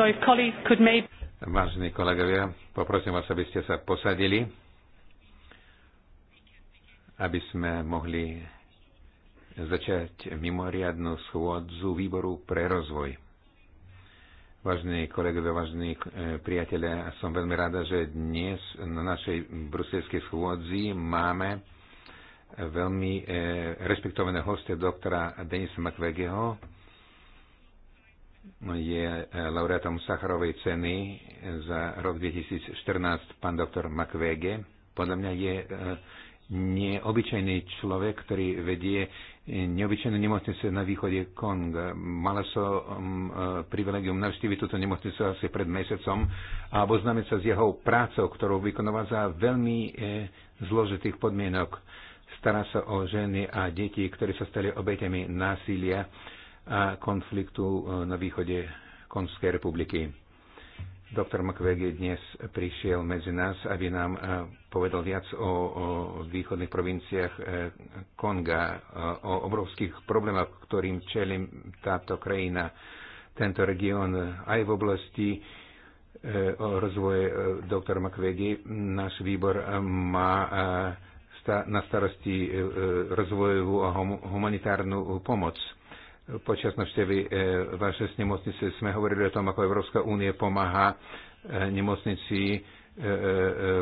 So if colleagues could maybe... Vážení kolegovia, poprosím vás, aby ste sa posadili, aby sme mohli začať mimoriadnú schôdzu výboru pre rozvoj. Vážení kolegovia, vážení eh, priatelia, som veľmi rada, že dnes na našej bruselskej schôdzi máme veľmi eh, rešpektovaného hostia doktora Denisa Makvegeho, je eh, laureátom Sacharovej ceny za rok 2014 pán doktor Makwege. Podľa mňa je eh, neobyčajný človek, ktorý vedie eh, neobyčajnú nemocnicu na východe Konga. Mala som mm, privilegium navštíviť túto nemocnicu asi pred mesiacom a oboznámiť sa s jeho prácou, ktorú vykonáva za veľmi zložitých podmienok. Stará sa o ženy a deti, ktorí sa stali obeťami násilia a konfliktu e, na východe Konskej republiky. Doktor McVegy dnes prišiel medzi nás, aby nám e, povedal viac o, o východných provinciách e, Konga, o obrovských problémoch, ktorým čelí táto krajina, tento región aj v oblasti o rozvoje doktor McVegy. Náš výbor má na starosti rozvojovú a humanitárnu pomoc Počas navštevy e, vašej nemocnice sme hovorili o tom, ako Európska únie pomáha e, nemocnici e,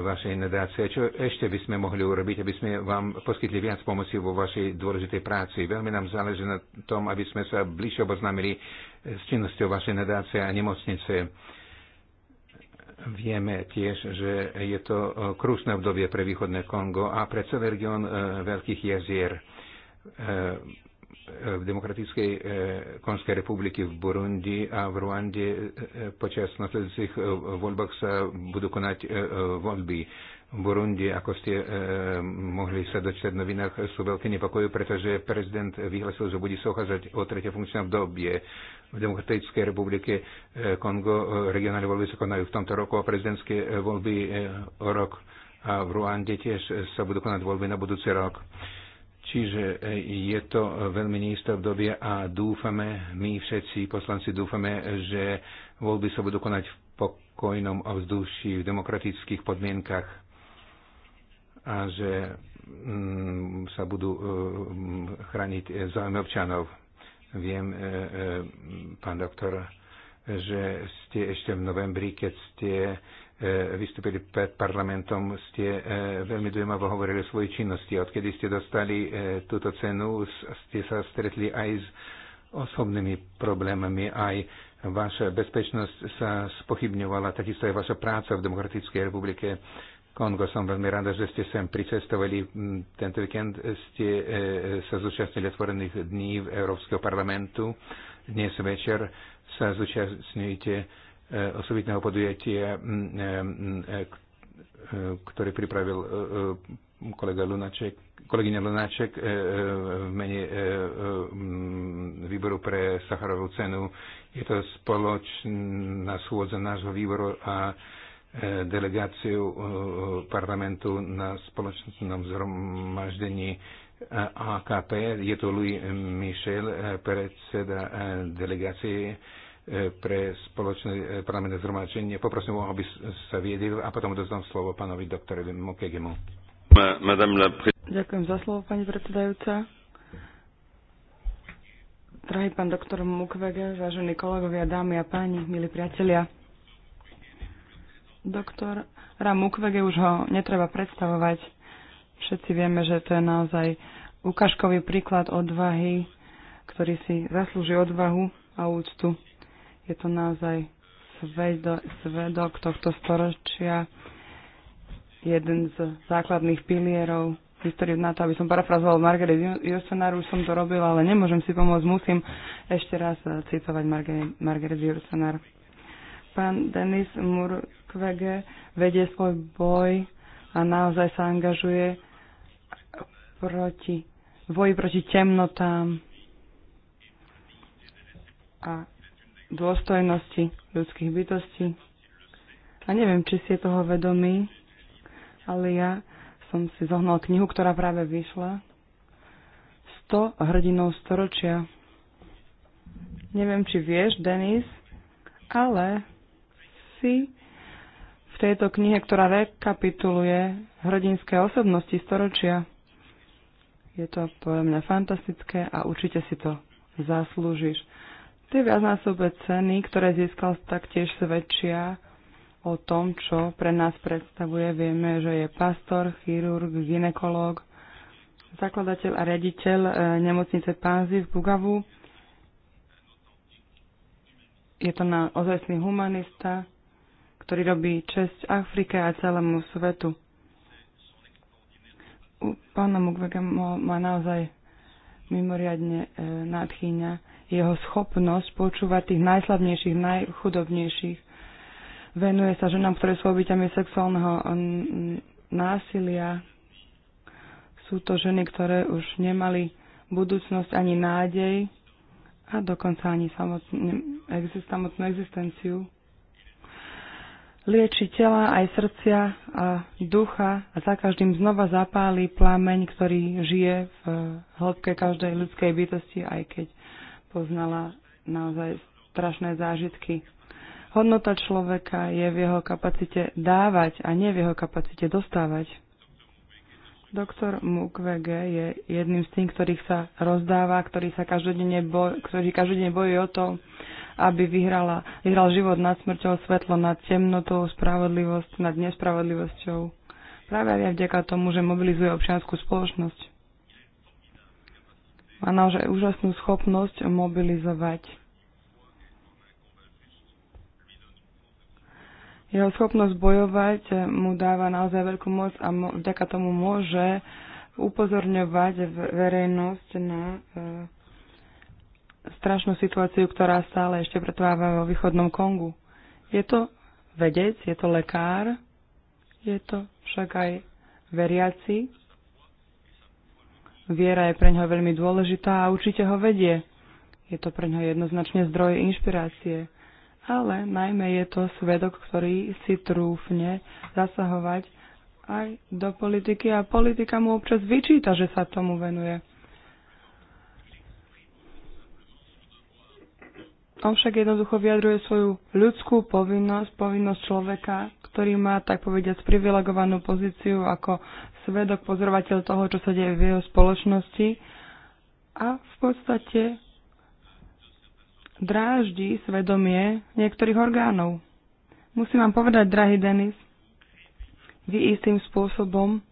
vašej nadácie. Čo ešte by sme mohli urobiť, aby sme vám poskytli viac pomoci vo vašej dôležitej práci? Veľmi nám záleží na tom, aby sme sa bližšie oboznámili s činnosťou vašej nadácie a nemocnice. Vieme tiež, že je to krúsne obdobie pre východné Kongo a pre celý región veľkých jazier v Demokratickej e, Konskej republiky v Burundi a v Ruande e, e, počas nasledujúcich voľbách sa budú konať voľby. V Burundi, ako ste mohli sa dočítať v novinách, sú veľké nepokoje, pretože prezident vyhlasil, že bude sa uchádzať o tretie funkčné obdobie. V Demokratickej republike Kongo regionálne voľby sa konajú v tomto roku a prezidentské voľby o rok. A v Ruande tiež sa budú konať voľby na budúci rok. Čiže e, je to e, veľmi neisté obdobie a dúfame, my všetci poslanci dúfame, že voľby sa budú konať v pokojnom ovzduši, v demokratických podmienkach a že mm, sa budú e, mm, chrániť záujmy občanov. Viem, pán doktor, že ste ešte v novembri, keď ste E, vystúpili pred parlamentom, ste e, veľmi dojímavo hovorili o svojej činnosti. Odkedy ste dostali e, túto cenu, ste sa stretli aj s osobnými problémami, aj vaša bezpečnosť sa spochybňovala, takisto aj vaša práca v Demokratickej republike Kongo. Som veľmi rada, že ste sem pricestovali. Mm, tento víkend ste sa zúčastnili otvorených dní v Európskeho parlamentu. Dnes večer sa zúčastňujete E, osobitného podujatia, e, e, ktoré pripravil kolega Lunaček, kolegyňa Lunaček v mene výboru pre Sacharovú cenu. Je to spoločná schôdza nášho výboru a delegáciu parlamentu na spoločnom zhromaždení AKP. Je to Louis Michel, predseda delegácie pre spoločné e, parlamentné zhromáčenie. Poprosím ho, aby sa viedil a potom dozdám slovo pánovi doktorovi Mokegemu. Ďakujem za slovo, pani predsedajúca. Drahý pán doktor Mukwege, vážení kolegovia, dámy a páni, milí priatelia. Doktor Ram Mukwege už ho netreba predstavovať. Všetci vieme, že to je naozaj ukážkový príklad odvahy, ktorý si zaslúži odvahu a úctu. Je to naozaj svedok tohto storočia, jeden z základných pilierov histórie na to, aby som parafrazoval Margaret Jursenar, už som to robil, ale nemôžem si pomôcť, musím ešte raz eh, citovať Margaret, Margaret Jursenar. Pán Denis Murkwege vedie svoj boj a naozaj sa angažuje proti, boji proti temnotám a dôstojnosti ľudských bytostí. A neviem, či si je toho vedomý, ale ja som si zohnal knihu, ktorá práve vyšla. 100 hrdinov storočia. Neviem, či vieš, Denis, ale si v tejto knihe, ktorá rekapituluje hrdinské osobnosti storočia. Je to podľa mňa fantastické a určite si to zaslúžiš. Tie viacnásobé ceny, ktoré získal, taktiež svedčia o tom, čo pre nás predstavuje. Vieme, že je pastor, chirurg, ginekolog, zakladateľ a riaditeľ e, nemocnice Pánzy v Bugavu. Je to na ozajstný humanista, ktorý robí česť Afrike a celému svetu. U pána Mugvega má naozaj mimoriadne e, nadchýňa jeho schopnosť počúvať tých najslabnejších, najchudobnejších. Venuje sa ženám, ktoré sú obyťami sexuálneho mm, násilia. Sú to ženy, ktoré už nemali budúcnosť ani nádej a dokonca ani samotnú, exist, samotnú existenciu. Lieči tela aj srdcia a ducha a za každým znova zapálí plameň, ktorý žije v hĺbke každej ľudskej bytosti, aj keď poznala naozaj strašné zážitky. Hodnota človeka je v jeho kapacite dávať a nie v jeho kapacite dostávať. Doktor Mukwege je jedným z tých, ktorých sa rozdáva, ktorý sa každodenne boj, ktorý každodenne bojuje o to, aby vyhrala, vyhral život nad smrťou, svetlo nad temnotou, spravodlivosť nad nespravodlivosťou. Práve aj vďaka tomu, že mobilizuje občianskú spoločnosť má naozaj úžasnú schopnosť mobilizovať. Jeho schopnosť bojovať mu dáva naozaj veľkú moc a mo- vďaka tomu môže upozorňovať verejnosť na e, strašnú situáciu, ktorá stále ešte pretrváva vo východnom Kongu. Je to vedec, je to lekár, je to však aj veriaci, Viera je pre ňoho veľmi dôležitá a určite ho vedie. Je to pre ňoho jednoznačne zdroj inšpirácie. Ale najmä je to svedok, ktorý si trúfne zasahovať aj do politiky a politika mu občas vyčíta, že sa tomu venuje. On však jednoducho vyjadruje svoju ľudskú povinnosť, povinnosť človeka, ktorý má, tak povediať, privilegovanú pozíciu ako svedok, pozorovateľ toho, čo sa deje v jeho spoločnosti a v podstate dráždi svedomie niektorých orgánov. Musím vám povedať, drahý Denis, vy istým spôsobom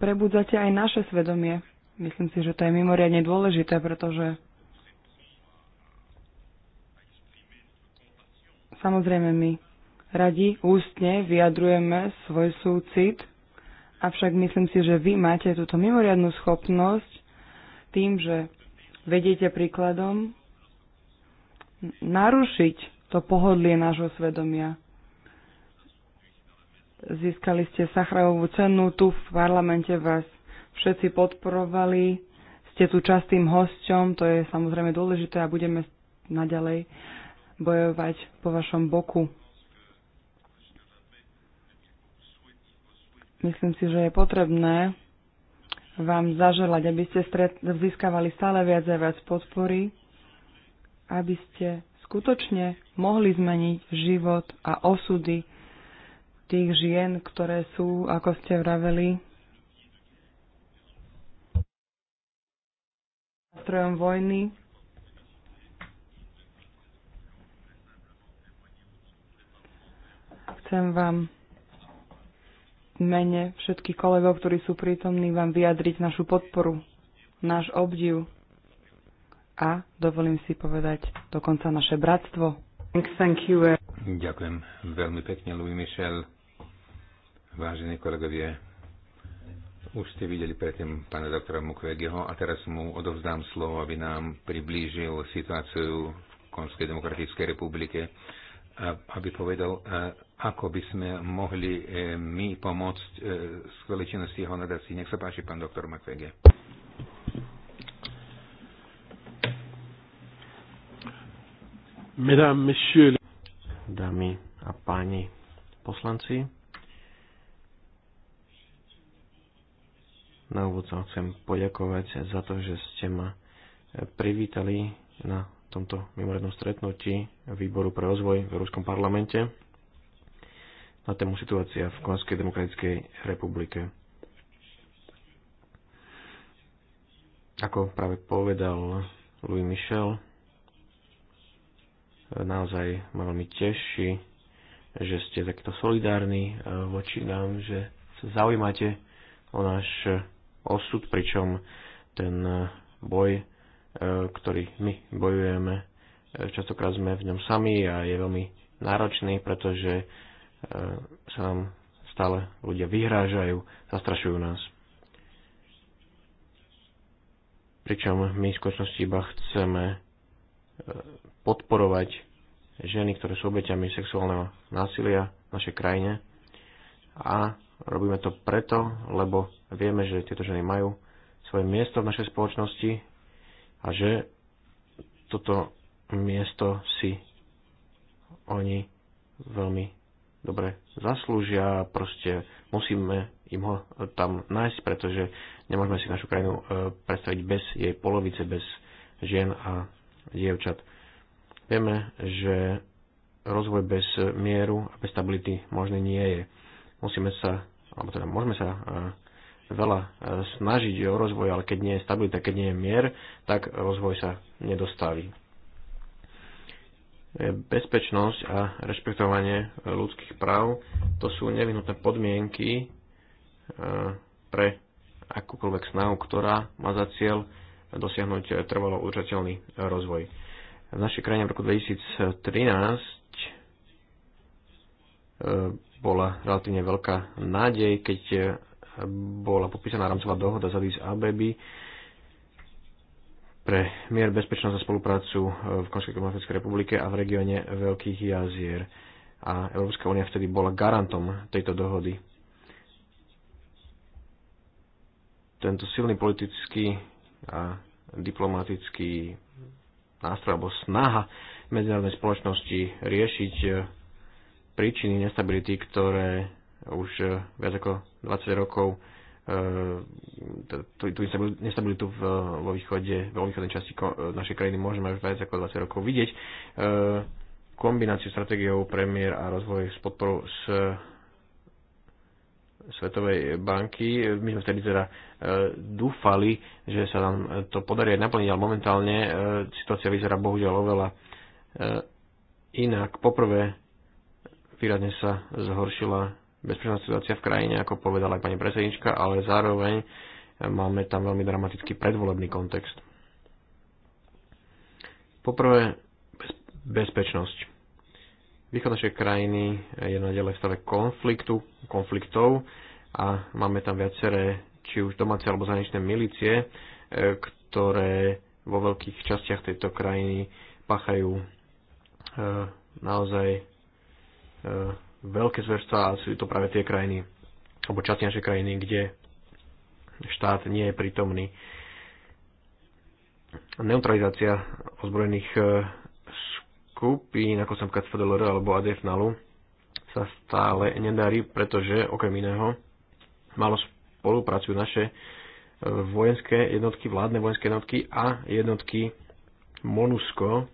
prebudzate aj naše svedomie. Myslím si, že to je mimoriadne dôležité, pretože samozrejme my radi ústne vyjadrujeme svoj súcit Avšak myslím si, že vy máte túto mimoriadnú schopnosť tým, že vedete príkladom narušiť to pohodlie nášho svedomia. Získali ste Sachravovú cenu, tu v parlamente vás všetci podporovali, ste tu častým hosťom, to je samozrejme dôležité a budeme naďalej bojovať po vašom boku. Myslím si, že je potrebné vám zaželať, aby ste stret- získavali stále viac a viac podpory, aby ste skutočne mohli zmeniť život a osudy tých žien, ktoré sú, ako ste vraveli, strojom vojny. Chcem vám mene všetkých kolegov, ktorí sú prítomní, vám vyjadriť našu podporu, náš obdiv a, dovolím si povedať, dokonca naše bratstvo. Thank you. Ďakujem veľmi pekne, Louis Michel. Vážení kolegovia, už ste videli predtým pána doktora Mukwegeho a teraz mu odovzdám slovo, aby nám priblížil situáciu v Konskej demokratickej republike, aby povedal, ako by sme mohli e, my pomôcť e, s kvaličinnosti jeho nadací. Nech sa páči, pán doktor Makvege. Dámy a páni poslanci, na úvod sa chcem poďakovať za to, že ste ma e, privítali na tomto mimoriadnom stretnutí Výboru pre rozvoj v ruskom parlamente na tému situácia v Konskej demokratickej republike. Ako práve povedal Louis Michel, naozaj ma veľmi teší, že ste takto solidárni eh, voči nám, že sa zaujímate o náš eh, osud, pričom ten eh, boj, ktorý my bojujeme, častokrát sme v ňom sami a je veľmi náročný, pretože E, sa nám stále ľudia vyhrážajú, zastrašujú nás. Pričom my v skutočnosti iba chceme e, podporovať ženy, ktoré sú obeťami sexuálneho násilia v našej krajine a robíme to preto, lebo vieme, že tieto ženy majú svoje miesto v našej spoločnosti a že toto miesto si oni veľmi dobre zaslúžia, proste musíme im ho tam nájsť, pretože nemôžeme si našu krajinu e, predstaviť bez jej polovice, bez žien a dievčat. Vieme, že rozvoj bez mieru a bez stability možno nie je. Musíme sa, alebo teda môžeme sa e, veľa e, snažiť o rozvoj, ale keď nie je stabilita, keď nie je mier, tak rozvoj sa nedostaví. E, bezpečnosť a rešpektovanie e, ľudských práv to sú nevyhnutné podmienky e, pre akúkoľvek snahu, ktorá má za cieľ dosiahnuť trvalo udržateľný rozvoj. V našej krajine v roku 2013 bola relatívne veľká nádej, keď bola popísaná rámcová dohoda z Addis Abeby pre mier, bezpečnosť a spoluprácu v Konskej Demokratickej republike a v regióne Veľkých jazier. A Európska únia vtedy bola garantom tejto dohody. Tento silný politický a diplomatický nástroj alebo snaha medzinárodnej spoločnosti riešiť príčiny nestability, ktoré už viac ako 20 rokov tú, ehm, tú nestabilitu v, vo východe, vo východnej časti našej krajiny môžeme už viac ako 20 rokov vidieť. Ehm, kombináciu stratégiou premiér a rozvoj s podporou s Svetovej banky. My sme vtedy teda e, dúfali, že sa nám to podarí aj naplniť, ale momentálne e, situácia vyzerá bohužiaľ oveľa e, inak. Poprvé výrazne sa zhoršila bezpečná situácia v krajine, ako povedala aj pani predsednička, ale zároveň máme tam veľmi dramatický predvolebný kontext. Poprvé, bezpečnosť. Východ našej krajiny je naďalej v stave konfliktu, konfliktov a máme tam viaceré, či už domáce alebo zahraničné milície, e, ktoré vo veľkých častiach tejto krajiny páchajú e, naozaj e, veľké zverstva a sú to práve tie krajiny, alebo časti našej krajiny, kde štát nie je prítomný. Neutralizácia ozbrojených e, skupín, ako som FDLR alebo ADF NALU, sa stále nedarí, pretože okrem iného malo spolupracujú naše e, vojenské jednotky, vládne vojenské jednotky a jednotky MONUSCO,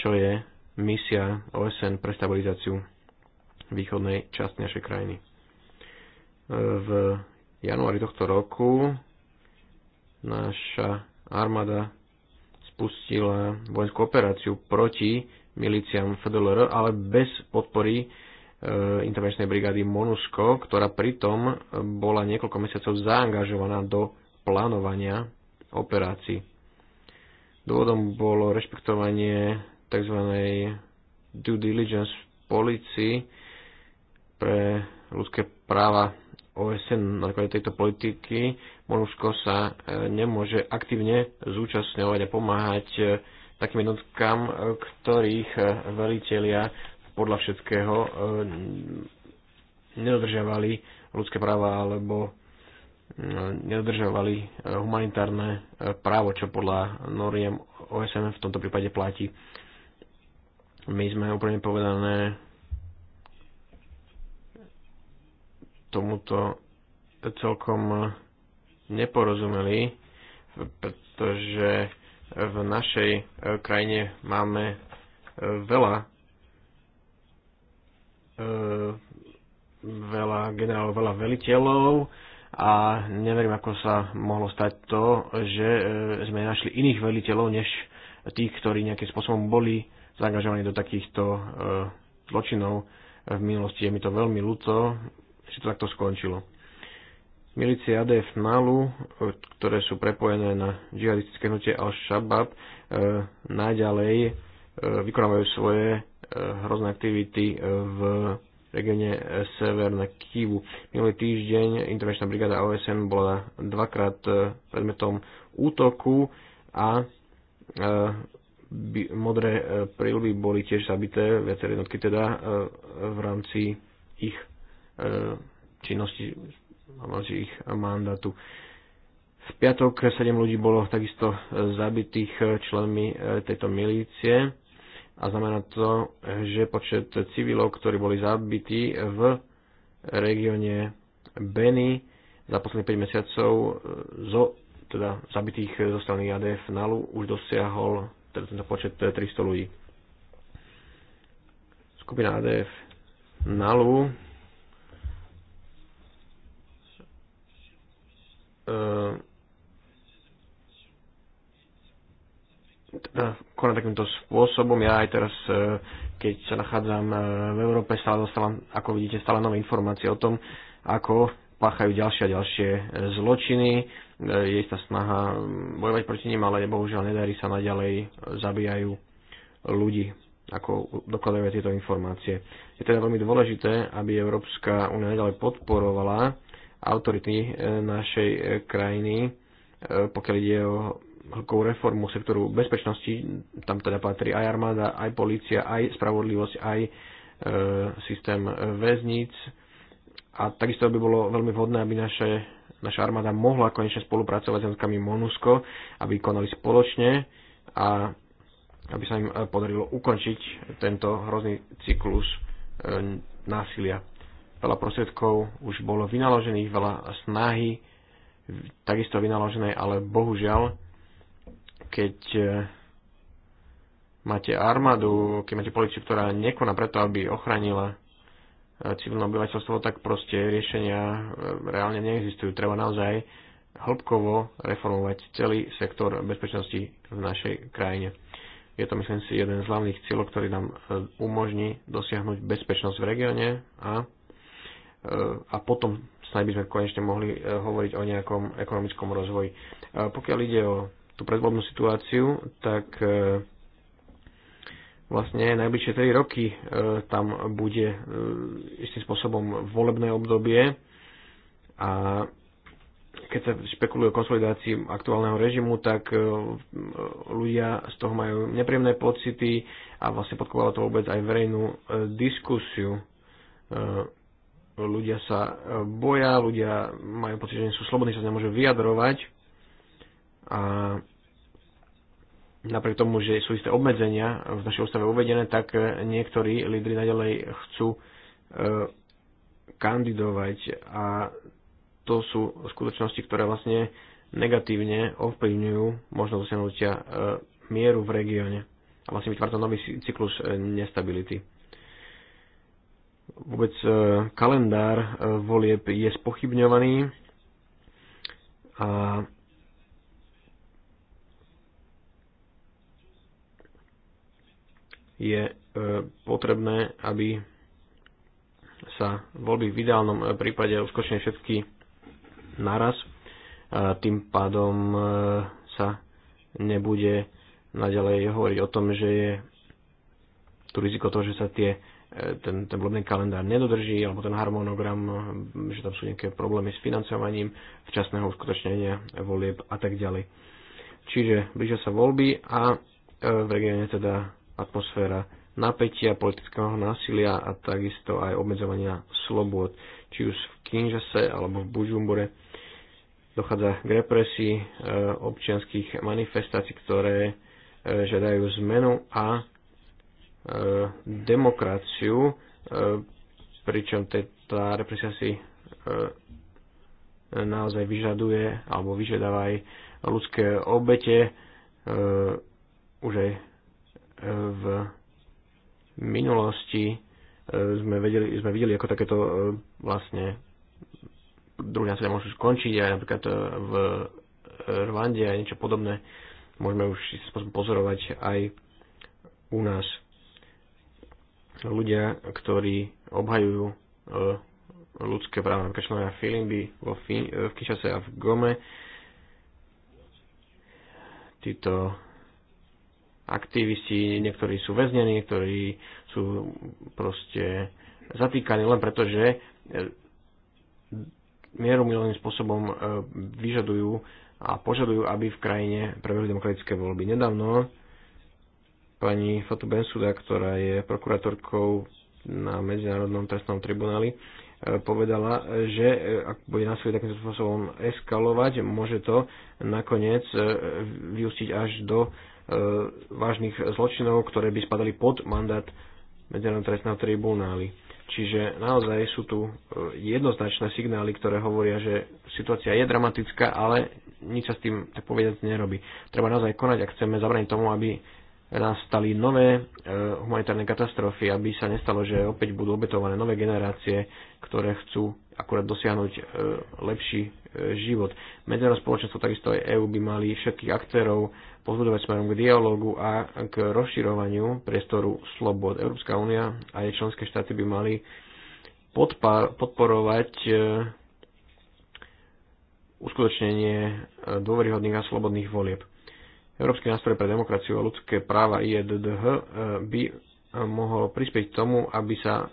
čo je misia OSN pre stabilizáciu východnej časti našej krajiny. V januári tohto roku naša armáda spustila vojenskú operáciu proti miliciám FDLR, ale bez podpory e, intervenčnej brigády MONUSCO, ktorá pritom bola niekoľko mesiacov zaangažovaná do plánovania operácií. Dôvodom bolo rešpektovanie tzv. due diligence policy, pre ľudské práva OSN na základe tejto politiky Monusko sa e, nemôže aktívne zúčastňovať a pomáhať e, takým jednotkám, e, ktorých velitelia podľa všetkého nedodržiavali ľudské práva alebo mm, nedodržiavali humanitárne právo, čo podľa noriem OSN v tomto prípade platí. My sme úplne povedané tomuto celkom neporozumeli, pretože v našej e, krajine máme e, veľa e, veľa generálov, veľa veliteľov a neverím, ako sa mohlo stať to, že sme našli iných veliteľov, než tých, ktorí nejakým spôsobom boli zaangažovaní do takýchto zločinov v minulosti. Je mi to veľmi ľúto, že to takto skončilo. Milície ADF Nalu, e, ktoré sú prepojené na džihadistické hnutie Al-Shabaab, e, naďalej e, vykonávajú svoje e, hrozné aktivity e, v regióne e, Severné Kivu. Minulý týždeň intervenčná brigáda OSN bola dvakrát predmetom útoku a modré prílby boli tiež zabité, viaceré jednotky teda, v rámci ich E, činnosti rámci ich mandátu. V piatok 7 ľudí bolo takisto zabitých členmi e, tejto milície a znamená to, že počet civilov, ktorí boli zabití v regióne Beny za posledných 5 mesiacov e, zo, teda zabitých zo strany ADF NALU už dosiahol teda tento počet 300 ľudí. Skupina ADF NALU Ehm, teda konať takýmto spôsobom. Ja aj teraz, ehm, keď sa nachádzam ehm, v Európe, stále dostávam, ako vidíte, stále nové informácie o tom, ako páchajú ďalšie a ďalšie zločiny. Je tá snaha bojovať proti nim, ale bohužiaľ nedarí sa naďalej, zabíjajú ľudí, ako dokladajú tieto informácie. Je teda veľmi dôležité, aby Európska únia naďalej podporovala autority e, našej e, krajiny, e, pokiaľ ide o veľkú reformu sektoru bezpečnosti, tam teda patrí aj armáda, aj policia, aj spravodlivosť, aj systém väzníc. A takisto by bolo veľmi vhodné, aby naše, naša armáda mohla konečne spolupracovať s jednotkami MONUSCO, aby konali spoločne a aby sa im podarilo ukončiť tento hrozný cyklus násilia. Veľa prostriedkov už bolo vynaložených, veľa snahy takisto vynaložené, ale bohužiaľ, keď e, máte armádu, keď máte policiu, ktorá nekoná preto, aby ochránila e, civilné obyvateľstvo, tak proste riešenia e, reálne neexistujú. Treba naozaj hĺbkovo reformovať celý sektor bezpečnosti v našej krajine. Je to, myslím si, jeden z hlavných cieľov, ktorý nám umožní dosiahnuť bezpečnosť v regióne a E, a potom snaj by sme konečne mohli e, hovoriť o nejakom ekonomickom rozvoji. E, pokiaľ ide o tú predvodnú situáciu, tak vlastne najbližšie 3 roky tam bude istým spôsobom volebné obdobie a keď sa špekuluje o konsolidácii aktuálneho režimu, tak ľudia z toho majú nepríjemné pocity a vlastne podkovalo to vôbec aj verejnú diskusiu ľudia sa e, boja, ľudia majú pocit, že nie sú slobodní, sa nemôžu vyjadrovať a napriek tomu, že sú isté obmedzenia v našej ústave uvedené, tak e, niektorí lídry nadalej chcú e, kandidovať a to sú skutočnosti, ktoré vlastne negatívne ovplyvňujú možnosť dosiahnutia mieru v regióne. A vlastne vytvára to nový cyklus nestability vôbec e, kalendár e, volieb je spochybňovaný a je e, potrebné, aby sa voľby v ideálnom prípade uskočne všetky naraz. Tým pádom sa nebude naďalej hovoriť o tom, že je tu riziko toho, že sa tie ten, ten vlobný kalendár nedodrží, alebo ten harmonogram, že tam sú nejaké problémy s financovaním včasného uskutočnenia volieb a tak ďalej. Čiže blížia sa voľby a e, v regióne teda atmosféra napätia, politického násilia a takisto aj obmedzovania slobôd. Či už v Kinžase alebo v Bužumbure dochádza k represii e, občianských manifestácií, ktoré e, žiadajú zmenu a E, demokraciu, e, pričom tá represia si e, naozaj vyžaduje alebo vyžadáva aj ľudské obete už aj v minulosti sme, vedeli, sme videli, ako takéto vlastne druhá sa môžu skončiť aj napríklad v Rwande a niečo podobné môžeme už pozorovať aj u nás ľudia, ktorí obhajujú e, ľudské práva, napríklad členovia Filimby vo Fí- e, v Kišase a v Gome. Títo aktivisti, niektorí sú väznení, niektorí sú proste zatýkaní len preto, že e, mierumilovným spôsobom vyžadujú a požadujú, aby v krajine prebehli demokratické voľby. Nedávno pani Fatu Bensuda, ktorá je prokurátorkou na Medzinárodnom trestnom tribunáli, e, povedala, že e, ak bude násilie takýmto spôsobom eskalovať, môže to nakoniec e, vyústiť až do vážnych zločinov, ktoré by spadali pod mandát Medzinárodného trestného tribunály. Čiže naozaj sú tu jednoznačné signály, ktoré hovoria, že situácia je dramatická, ale nič sa s tým, tak povedať, nerobí. Treba naozaj konať, ak chceme zabrániť tomu, aby nastali nové e, humanitárne katastrofy, aby sa nestalo, že opäť budú obetované nové generácie, ktoré chcú akurát dosiahnuť e, lepší e, život. Medzinárodné spoločenstvo, takisto aj EÚ by mali všetkých aktérov pozbudovať smerom k dialogu a k rozširovaniu priestoru slobod. Európska únia a jej členské štáty by mali podporovať uskutočnenie dôveryhodných a slobodných volieb. Európsky nástroj pre demokraciu a ľudské práva IEDDH eh, by mohol prispieť k tomu, aby sa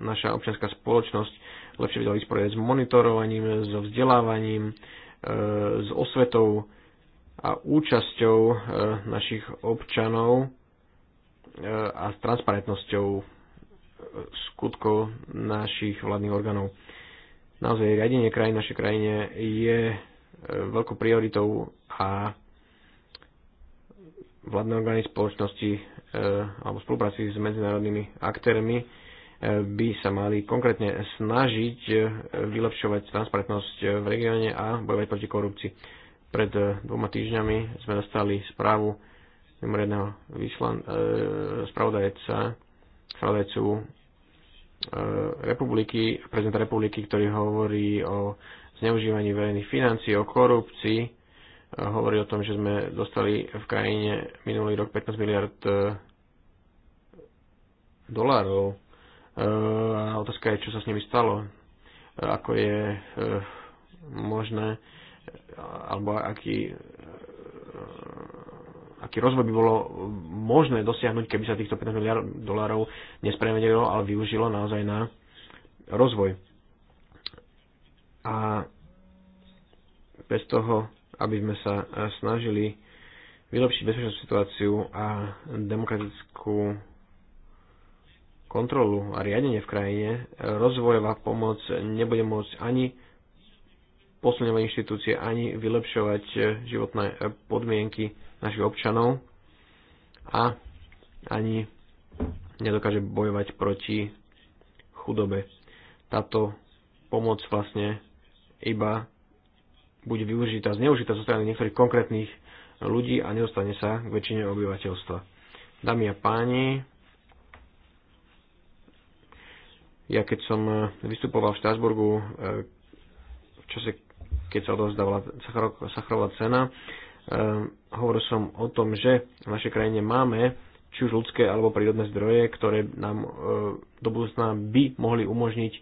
naša občianská spoločnosť lepšie vedela vysporiadať s monitorovaním, so vzdelávaním, eh, s osvetou a účasťou eh, našich občanov a s transparentnosťou skutkov našich vládnych orgánov. Naozaj riadenie krajín našej krajine je veľkou prioritou a vládne orgány spoločnosti e, alebo spolupráci s medzinárodnými aktérmi e, by sa mali konkrétne snažiť e, vylepšovať transparentnosť v regióne a bojovať proti korupcii. Pred dvoma týždňami sme dostali správu mimoriadného vyslan- spravodajca, spravodajcu republiky, prezidenta republiky, ktorý hovorí o zneužívaní verejných financií, o korupcii hovorí o tom, že sme dostali v krajine minulý rok 15 miliard e, dolárov. E, a otázka je, čo sa s nimi stalo. E, ako je možné, alebo aký, aký rozvoj by bolo možné dosiahnuť, keby sa týchto 15 miliard dolárov nespremenilo, ale využilo naozaj na rozvoj. A bez toho aby sme sa e, snažili vylepšiť bezpečnú situáciu a demokratickú kontrolu a riadenie v krajine, rozvojová pomoc nebude môcť ani posilňovať inštitúcie, ani vylepšovať e, životné e, podmienky našich občanov a ani nedokáže bojovať proti chudobe. Táto pomoc vlastne iba bude využitá, zneužitá zo strany niektorých konkrétnych ľudí a nedostane sa k väčšine obyvateľstva. Dámy a páni, ja keď som e, vystupoval v Štrasburgu e, v čase, keď sa odovzdávala Sacharová cena, e, hovoril som o tom, že v našej krajine máme či už ľudské alebo prírodné zdroje, ktoré nám do budúcna by mohli umožniť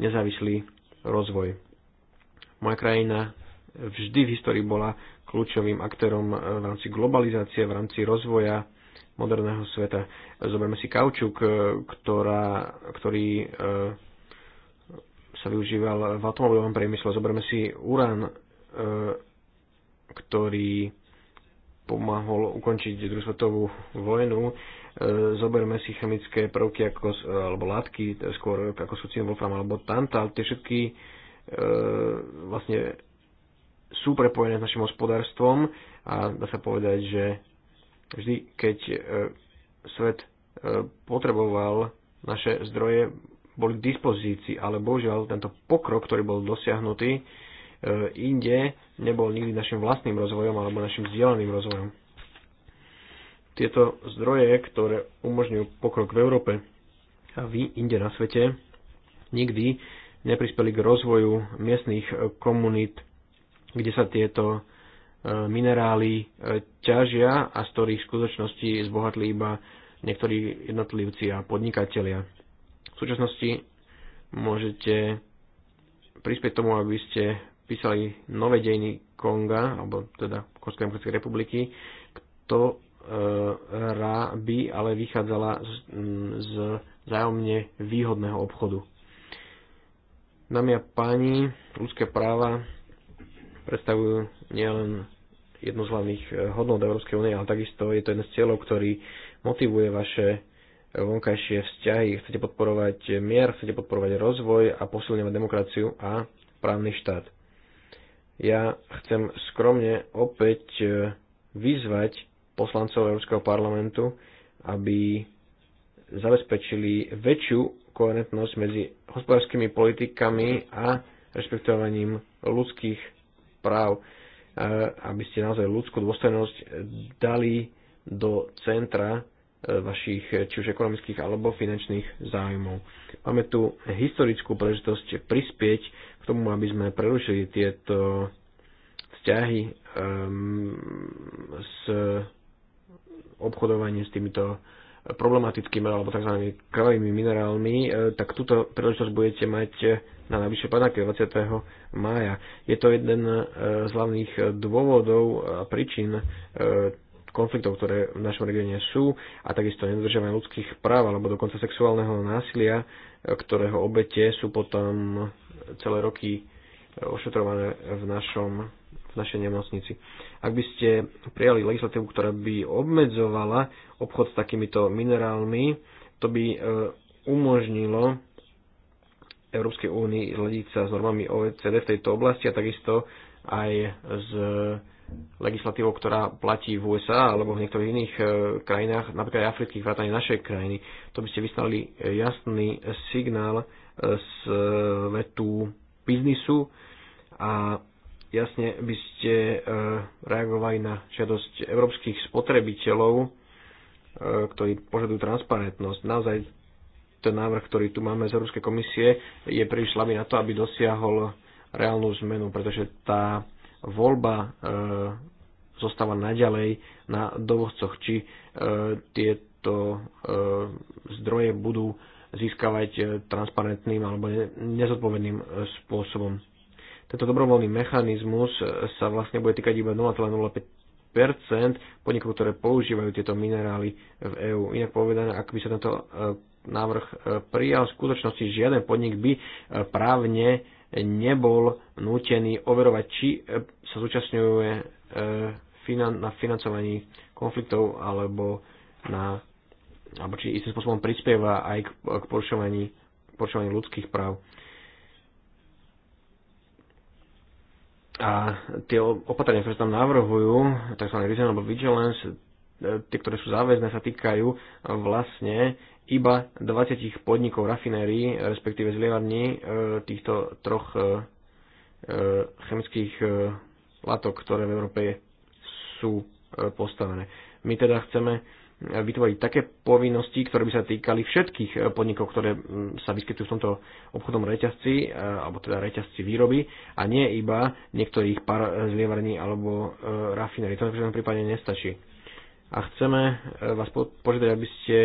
nezávislý rozvoj. Moja krajina vždy v histórii bola kľúčovým aktérom e, v rámci globalizácie, v rámci rozvoja moderného sveta. Zoberme si kaučuk, e, ktorá, ktorý e, sa využíval v automobilovom priemysle. Zoberme si urán, ktorý pomáhol ukončiť druhú svetovú vojnu. Zoberme si chemické prvky ako, alebo látky, skôr ako sú wolfram alebo tantal. Tie všetky vlastne sú prepojené s našim hospodárstvom a dá sa povedať, že vždy, keď e, svet e, potreboval naše zdroje, boli k dispozícii, ale bohužiaľ tento pokrok, ktorý bol dosiahnutý e, inde, nebol nikdy našim vlastným rozvojom alebo našim vzdialeným rozvojom. Tieto zdroje, ktoré umožňujú pokrok v Európe a vy inde na svete, nikdy neprispeli k rozvoju miestných komunít kde sa tieto e, minerály e, ťažia a z ktorých v skutočnosti zbohatli iba niektorí jednotlivci a podnikatelia. V súčasnosti môžete prispieť tomu, aby ste písali nové dejiny Konga, alebo teda Konskej demokratickej republiky, kto e, rá by ale vychádzala z, z zájomne výhodného obchodu. Dámy a páni, ľudské práva predstavujú nielen jednu z hlavných eh, hodnot Európskej únie, ale takisto je to jeden z cieľov, ktorý motivuje vaše eh, vonkajšie vzťahy. Chcete podporovať mier, chcete podporovať rozvoj a posilňovať demokraciu a právny štát. Ja chcem skromne opäť eh, vyzvať poslancov Európskeho parlamentu, aby zabezpečili väčšiu koherentnosť medzi hospodárskymi politikami a rešpektovaním ľudských práv, aby ste naozaj ľudskú dôstojnosť dali do centra e, vašich či už ekonomických alebo finančných záujmov. Máme tu historickú príležitosť prispieť k tomu, aby sme prerušili tieto vzťahy um, s obchodovaním s týmito problematickými alebo tzv. krvavými minerálmi, e, tak túto príležitosť budete mať e, na najvyššie panáke 20. mája. Je to jeden e, z hlavných dôvodov a príčin konfliktov, ktoré v našom regióne sú a takisto nedodržiavanie ľudských práv alebo dokonca sexuálneho násilia, ktorého obete sú potom celé roky ošetrované v našom v našej nemocnici. Ak by ste prijali legislatívu, ktorá by obmedzovala obchod s takýmito minerálmi, to by e, umožnilo Európskej únii zladiť sa s normami OECD v tejto oblasti a takisto aj s legislatívou, ktorá platí v USA alebo v niektorých iných e, krajinách, napríklad aj afrických, vrátane našej krajiny. To by ste vyslali e, jasný signál svetu biznisu a jasne by ste e, reagovali na žiadosť európskych spotrebiteľov, e, ktorí požadujú transparentnosť. Naozaj ten návrh, ktorý tu máme z Európskej komisie, je príliš slabý na to, aby dosiahol reálnu zmenu, pretože tá voľba e, zostáva naďalej na dovozcoch, či tieto zdroje budú získavať transparentným alebo nezodpovedným spôsobom. Tento dobrovoľný mechanizmus e, sa vlastne bude týkať iba 0,05 podnikov, ktoré používajú tieto minerály v EÚ. Inak povedané, ak by sa tento e, návrh e, prijal, v skutočnosti žiaden podnik by právne nebol nútený overovať, či sa zúčastňuje na financovaní konfliktov alebo na alebo či istým spôsobom prispieva aj k, k porušovaní, porušovaní ľudských práv. A tie opatrenia, ktoré sa tam navrhujú, tzv. reasonable vigilance, e, tie, ktoré sú záväzné, sa týkajú vlastne iba 20 podnikov rafinérií, respektíve zlievarní e, týchto troch e, chemických látok, ktoré v Európe sú postavené. My teda chceme vytvoriť také povinnosti, ktoré by sa týkali všetkých eh, podnikov, ktoré mm, sa vyskytujú v tomto obchodnom reťazci, eh, alebo teda reťazci výroby, a nie iba niektorých pár eh, zlievarní alebo rafinerí. To v prípade nestačí. A chceme vás požiadať, aby ste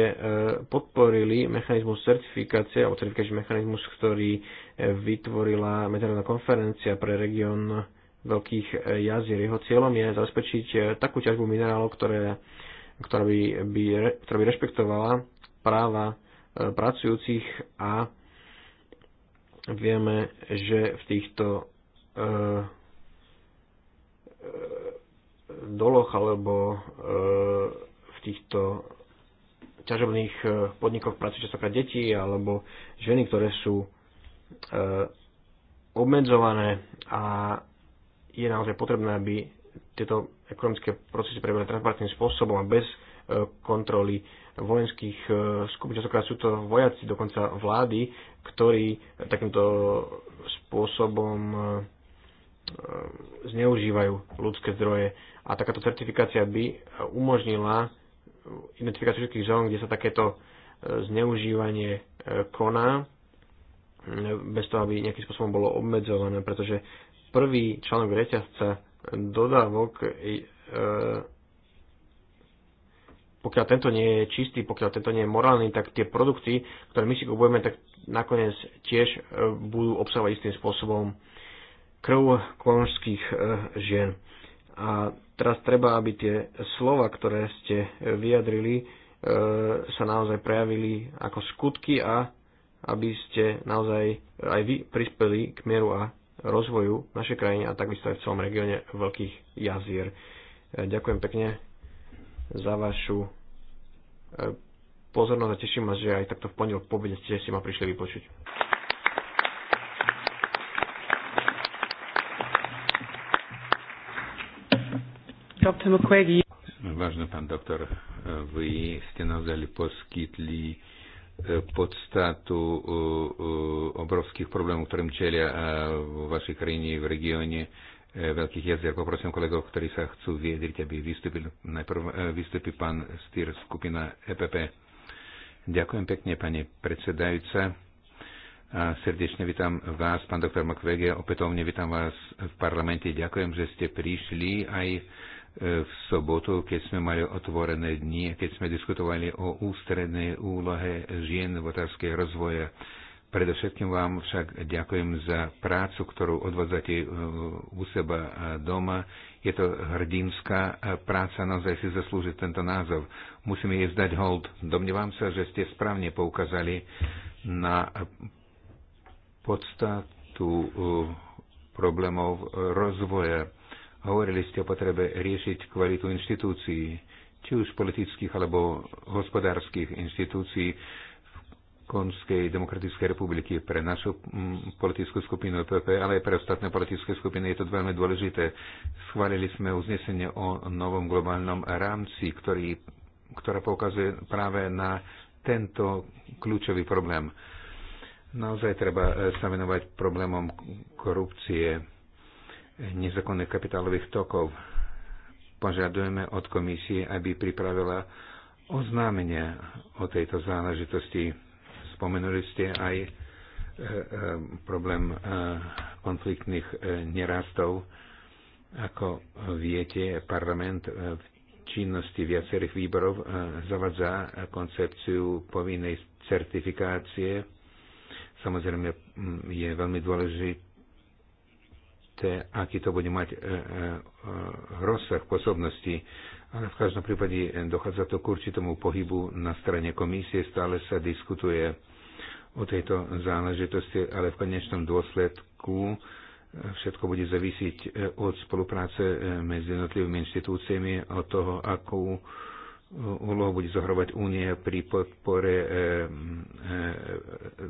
podporili mechanizmus certifikácie, alebo certifikačný mechanizmus, ktorý vytvorila medzinárodná konferencia pre región veľkých jazier. Jeho cieľom je zabezpečiť takú ťažbu minerálov, ktoré ktorá by, by, ktorá by rešpektovala práva e, pracujúcich a vieme, že v týchto e, e doloch alebo e, v týchto ťažobných e, podnikoch pracujú častokrát deti alebo ženy, ktoré sú e, obmedzované a je naozaj potrebné, aby tieto ekonomické procesy prebiehajú transparentným spôsobom a bez e, kontroly vojenských e, skupín. Častokrát sú to vojaci, dokonca vlády, ktorí e, takýmto spôsobom zneužívajú ľudské zdroje. A takáto certifikácia by umožnila identifikáciu všetkých zón, kde sa takéto zneužívanie koná, bez toho, aby nejakým spôsobom bolo obmedzované, pretože prvý článok reťazca dodávok, e, pokiaľ tento nie je čistý, pokiaľ tento nie je morálny, tak tie produkty, ktoré my si kupujeme, tak nakoniec tiež e, budú obsahovať istým spôsobom krv konžských e, žien. A teraz treba, aby tie slova, ktoré ste vyjadrili, sa naozaj prejavili ako skutky a aby ste naozaj aj vy prispeli k mieru a rozvoju našej krajiny a takisto aj v celom regióne veľkých jazier. E, ďakujem pekne za vašu e, pozornosť a teším vás, že aj takto v pondelok po ste si ma prišli vypočuť. Vážne pán doktor, e, vy ste naozaj poskytli podstatu obrovských problémov, ktorým čelia vo vašej krajine, v regióne e, Veľkých jazier. Poprosím kolegov, ktorí sa chcú viedriť, aby vystúpil. Najprv e, vystúpi pán Styr skupina EPP. Ďakujem pekne, pani predsedajúca. A srdečne vítam vás, pán doktor Makvege, opätovne vítam vás v parlamente. Ďakujem, že ste prišli aj E, v sobotu, keď sme mali otvorené dni, keď sme diskutovali o ústrednej úlohe žien v otázke rozvoja. Predovšetkým vám však ďakujem za prácu, ktorú odvádzate e, u seba e, doma. Je to hrdinská práca, naozaj si zaslúži tento názov. Musíme jej zdať hold. Domnievam sa, že ste správne poukázali na podstatu problémov rozvoja Hovorili ste o potrebe riešiť kvalitu inštitúcií, či už politických alebo hospodárskych inštitúcií v Konskej demokratickej republiky pre našu mm, politickú skupinu PP, e ale aj pre ostatné politické skupiny je to veľmi dôležité. Schválili sme uznesenie o novom globálnom rámci, ktorý, ktorá poukazuje práve na tento kľúčový problém. Naozaj treba e, sa venovať problémom korupcie nezákonných kapitálových tokov. Požadujeme od komisie, aby pripravila oznámenie o tejto záležitosti. Spomenuli ste aj e, e, problém e, konfliktných nerastov. Ako viete, parlament v činnosti viacerých výborov zavadza koncepciu povinnej certifikácie. Samozrejme, je veľmi dôležité dôležité, aký to bude mať e, e, rozsah posobnosti, ale v každom prípade dochádza to k určitomu pohybu na strane komisie, stále sa diskutuje o tejto záležitosti, ale v konečnom dôsledku e, všetko bude zavisiť od spolupráce medzi jednotlivými inštitúciami, od toho, akú úlohu bude zohrovať Únia pri podpore e, e,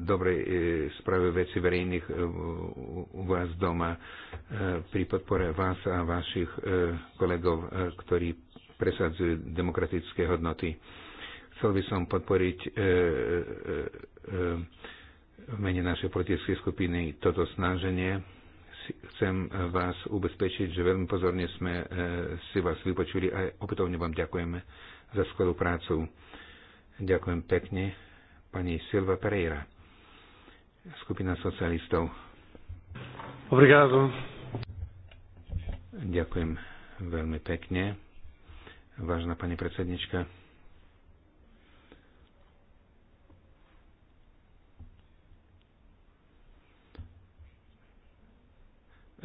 dobrej e, eh, správy veci verejných e, u, u vás doma, e, pri podpore vás a vašich e, kolegov, e, ktorí presadzujú demokratické hodnoty. Chcel by som podporiť e, e, e, v mene našej politickej skupiny toto snaženie. Chcem vás ubezpečiť, že veľmi pozorne sme si vás vypočuli a opätovne vám ďakujeme za skvelú prácu. Ďakujem pekne pani Silva Pereira, skupina socialistov. Obrigado. Ďakujem veľmi pekne. Vážna pani predsednička,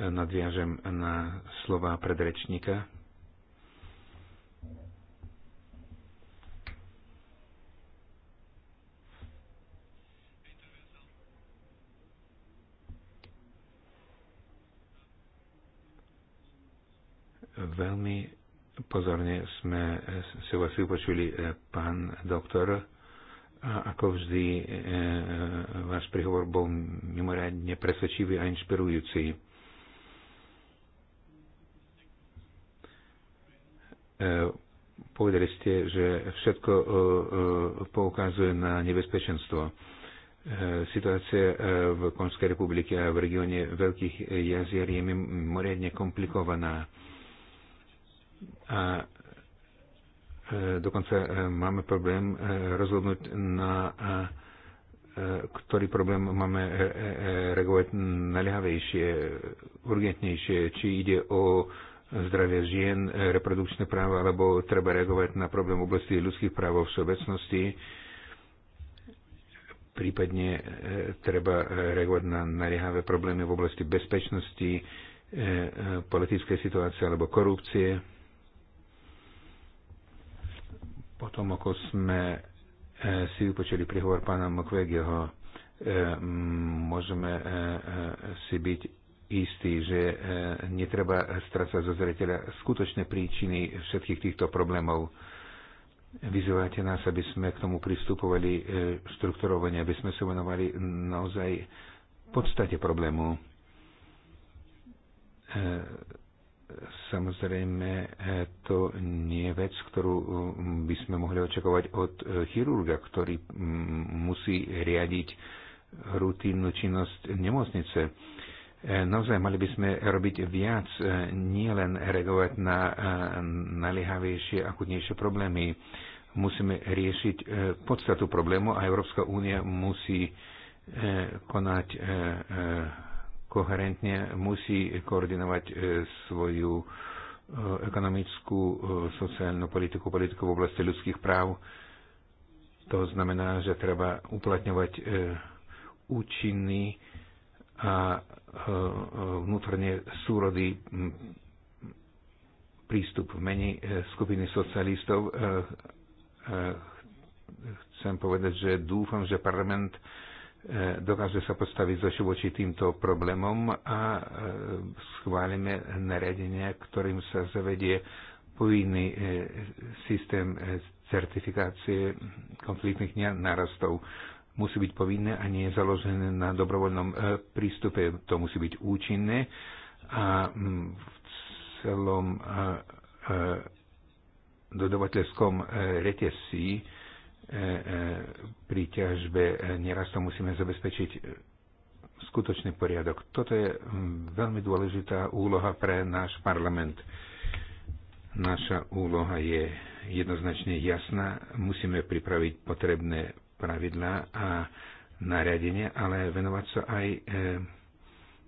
nadviažem na slova predrečníka. Pozorne sme e, si vás vypočuli, e, pán doktor. A ako vždy, e, váš prihovor bol mimoriadne presvedčivý a inšpirujúci. Povedali ste, že všetko poukazuje na nebezpečenstvo. Situácia v Konskej republike a v regióne Veľkých jazier je mimoriadne komplikovaná a e, dokonca e, máme problém e, rozhodnúť na ktorý problém máme reagovať naliehavejšie, urgentnejšie, či ide o zdravie žien, reprodukčné práva, alebo treba reagovať na problém oblasti ľudských práv v všeobecnosti, prípadne treba reagovať na naliehavé problémy v oblasti bezpečnosti, politickej situácie alebo korupcie potom, ako sme e, si vypočuli prihovor pána e, môžeme e, e, si byť istí, že netreba strácať zo zreteľa skutočné príčiny všetkých týchto problémov. Vyzývate nás, aby sme k tomu pristupovali štrukturovane, aby sme sa venovali naozaj podstate problému Samozrejme, to nie je vec, ktorú mm, by sme mohli očakovať od e, chirurga, ktorý mm, musí riadiť rutínnu činnosť nemocnice. E, naozaj mali by sme robiť viac, e, nielen reagovať na naliehavejšie, chudnejšie problémy. Musíme riešiť podstatu problému a Európska únia musí konať koherentne musí koordinovať e, svoju e, ekonomickú, e, sociálnu politiku, politiku v oblasti ľudských práv. To znamená, že treba uplatňovať účinný a vnútorne súrodý prístup v meni skupiny socialistov. Chcem povedať, že dúfam, že parlament E, dokáže sa postaviť zoči voči týmto problémom a e, schválime nariadenia, ktorým sa zavedie povinný e, systém certifikácie konfliktných nárastov. Musí byť povinné a nie je založené na dobrovoľnom prístupe. To musí byť účinné a v celom dodavateľskom reťazci E, e, pri ťažbe e, to musíme zabezpečiť skutočný poriadok. Toto je veľmi dôležitá úloha pre náš parlament. Naša úloha je jednoznačne jasná. Musíme pripraviť potrebné pravidlá a nariadenie, ale venovať sa aj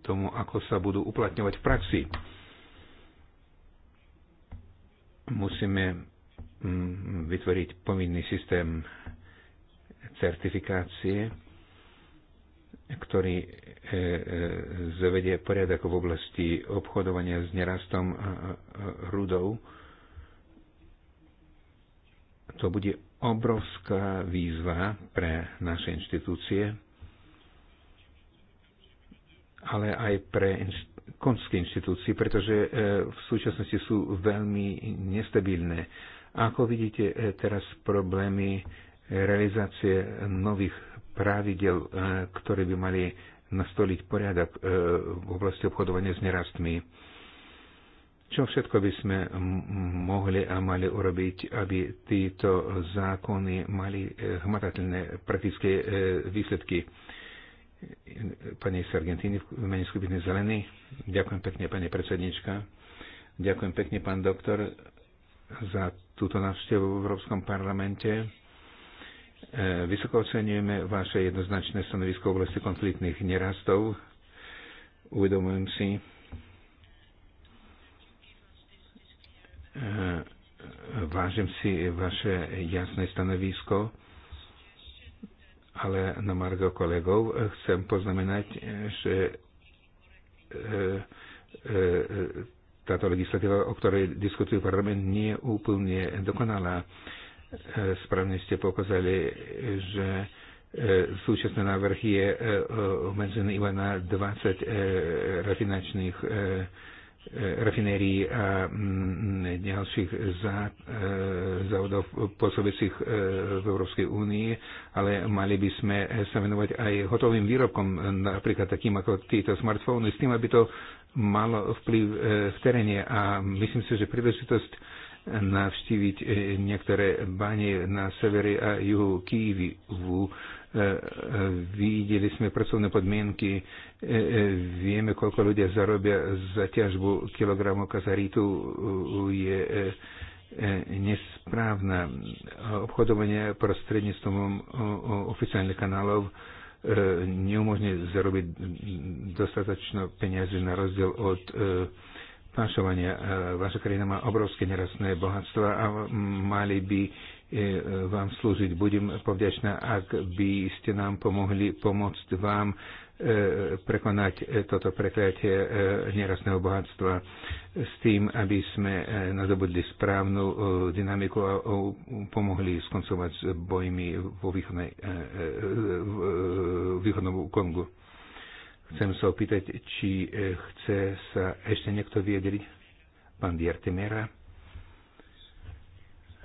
tomu, ako sa budú uplatňovať v praxi. Musíme vytvoriť povinný systém certifikácie, ktorý e, e, zavedie poriadok v oblasti obchodovania s nerastom rudou. To bude obrovská výzva pre naše inštitúcie, ale aj pre konské inštitúcie, pretože e, v súčasnosti sú veľmi nestabilné ako vidíte e, teraz problémy e, realizácie nových pravidel, e, ktoré by mali nastoliť poriadok v oblasti obchodovania s nerastmi? Čo všetko by sme mohli a mali urobiť, aby títo zákony mali hmatateľné praktické výsledky? Pani z Argentíny v mene skupiny Zelený. Ďakujem pekne, pani predsednička. Ďakujem pekne, pán doktor, za túto návštevu v Európskom parlamente. E, vysoko ocenujeme vaše jednoznačné stanovisko v oblasti konfliktných nerastov. Uvedomujem si, e, vážim si vaše jasné stanovisko, ale na margo kolegov chcem poznamenať, že e, e, táto legislatíva, o ktorej diskutuje parlament, nie je úplne dokonalá. E, správne ste pokazali, že e, súčasný návrh je e, obmedzený iba na 20 rafinačných Eh, rafinérií a mm, ďalších eh, závodov pôsobecích eh, v Európskej únii, ale mali by sme sa venovať aj hotovým výrobkom, napríklad takým ako tieto smartfóny, s tým, aby to malo vplyv v teréne a myslím si, že príležitosť navštíviť niektoré bane na severe a juhu Kývu E, e, videli sme pracovné podmienky, e, vieme, koľko ľudia zarobia za ťažbu kilogramu kazaritu je nesprávna. Obchodovanie prostredníctvom oficiálnych kanálov neumožňuje zarobiť dostatočno peniazy na rozdiel od pášovania. Vaša krajina má obrovské nerastné bohatstva a mali by E, vám slúžiť. Budem povďačná, ak by ste nám pomohli pomôcť vám e, prekonať e, toto prekliatie nerastného bohatstva s tým, aby sme nadobudli správnu dynamiku a pomohli skoncovať s bojmi vo východnej, v východnom Kongu. Chcem sa opýtať, či chce sa ešte niekto vyjadriť? Pán Diertemera.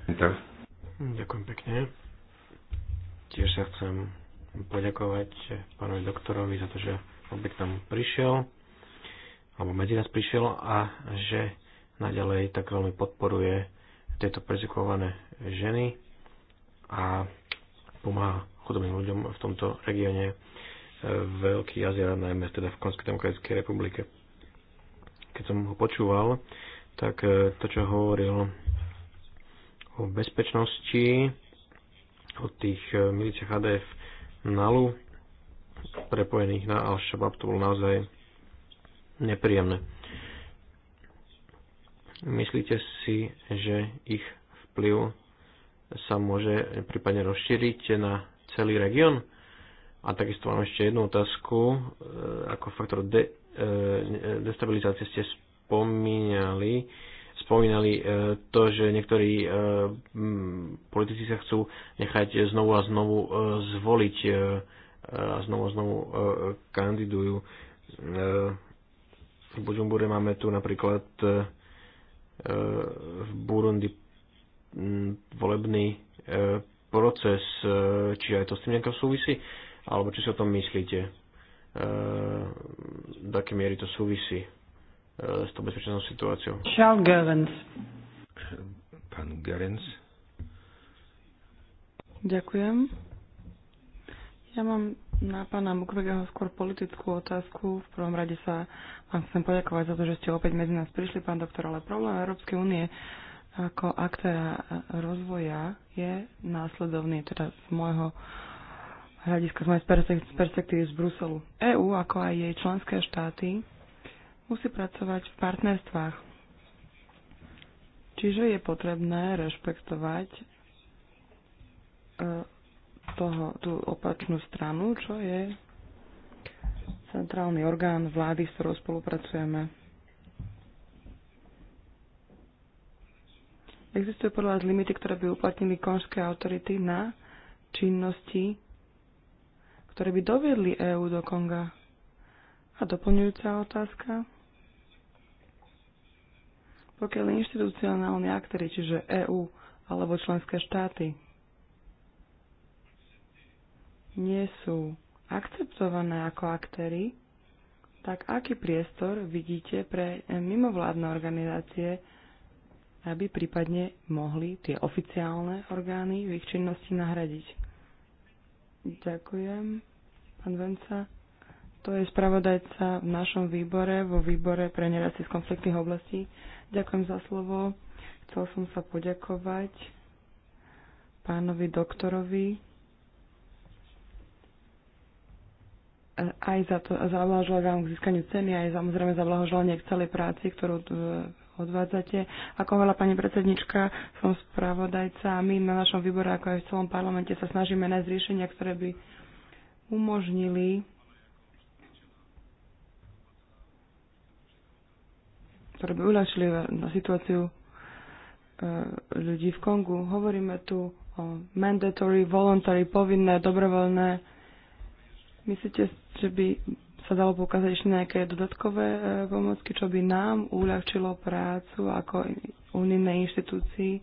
Tak. Ďakujem pekne. Tiež sa chcem poďakovať pánovi doktorovi za to, že opäť tam prišiel, alebo medzi nás prišiel a že naďalej tak veľmi podporuje tieto prezikované ženy a pomáha chudobným ľuďom v tomto regióne e, Veľký jazier, najmä teda v Konskej demokratickej republike. Keď som ho počúval, tak e, to, čo hovoril o bezpečnosti, o tých e, miliciach ADF NALU, prepojených na Al-Shabaab, to bolo naozaj nepríjemné. Myslíte si, že ich vplyv sa môže prípadne rozšíriť na celý región? A takisto mám ešte jednu otázku. E, ako faktor de, e, destabilizácie ste spomínali spomínali e, to, že niektorí e, politici sa chcú nechať znovu a znovu e, zvoliť a znovu a znovu kandidujú. V Bujumbure máme tu napríklad v Burundi volebný proces, či aj to s tým nejako súvisí, alebo či si o tom myslíte, do akej miery to súvisí s tou bezpečnostnou situáciou. Charles Gerens. Pán Gerens. Ďakujem. Ja mám na pána Mukwegeho skôr politickú otázku. V prvom rade sa vám chcem poďakovať za to, že ste opäť medzi nás prišli, pán doktor, ale problém Európskej únie ako aktéra rozvoja je následovný, teda z môjho hľadiska, z mojej perspektívy z Bruselu. EÚ, ako aj jej členské štáty, musí pracovať v partnerstvách. Čiže je potrebné rešpektovať e, toho, tú opačnú stranu, čo je centrálny orgán vlády, s ktorou spolupracujeme. Existujú podľa vás limity, ktoré by uplatnili konžské autority na činnosti, ktoré by doviedli EÚ do Konga? A doplňujúca otázka? pokiaľ inštitucionálni aktéry, čiže EÚ alebo členské štáty, nie sú akceptované ako aktéry, tak aký priestor vidíte pre mimovládne organizácie, aby prípadne mohli tie oficiálne orgány v ich činnosti nahradiť? Ďakujem, pán Venca. To je spravodajca v našom výbore, vo výbore pre nerazí z konfliktných oblastí. Ďakujem za slovo. Chcel som sa poďakovať pánovi doktorovi eh, aj za, to, za blahoželám k získaniu ceny, aj samozrejme za blahoželanie k celej práci, ktorú eh, odvádzate. Ako veľa pani predsednička, som spravodajca a my na našom výbore, ako aj v celom parlamente, sa snažíme nájsť riešenia, ktoré by umožnili ktoré by uľahčili na situáciu e, ľudí v Kongu. Hovoríme tu o mandatory, voluntary, povinné, dobrovoľné. Myslíte, že by sa dalo poukázať ešte nejaké dodatkové e, pomocky, čo by nám uľahčilo prácu ako unijnej inštitúcii?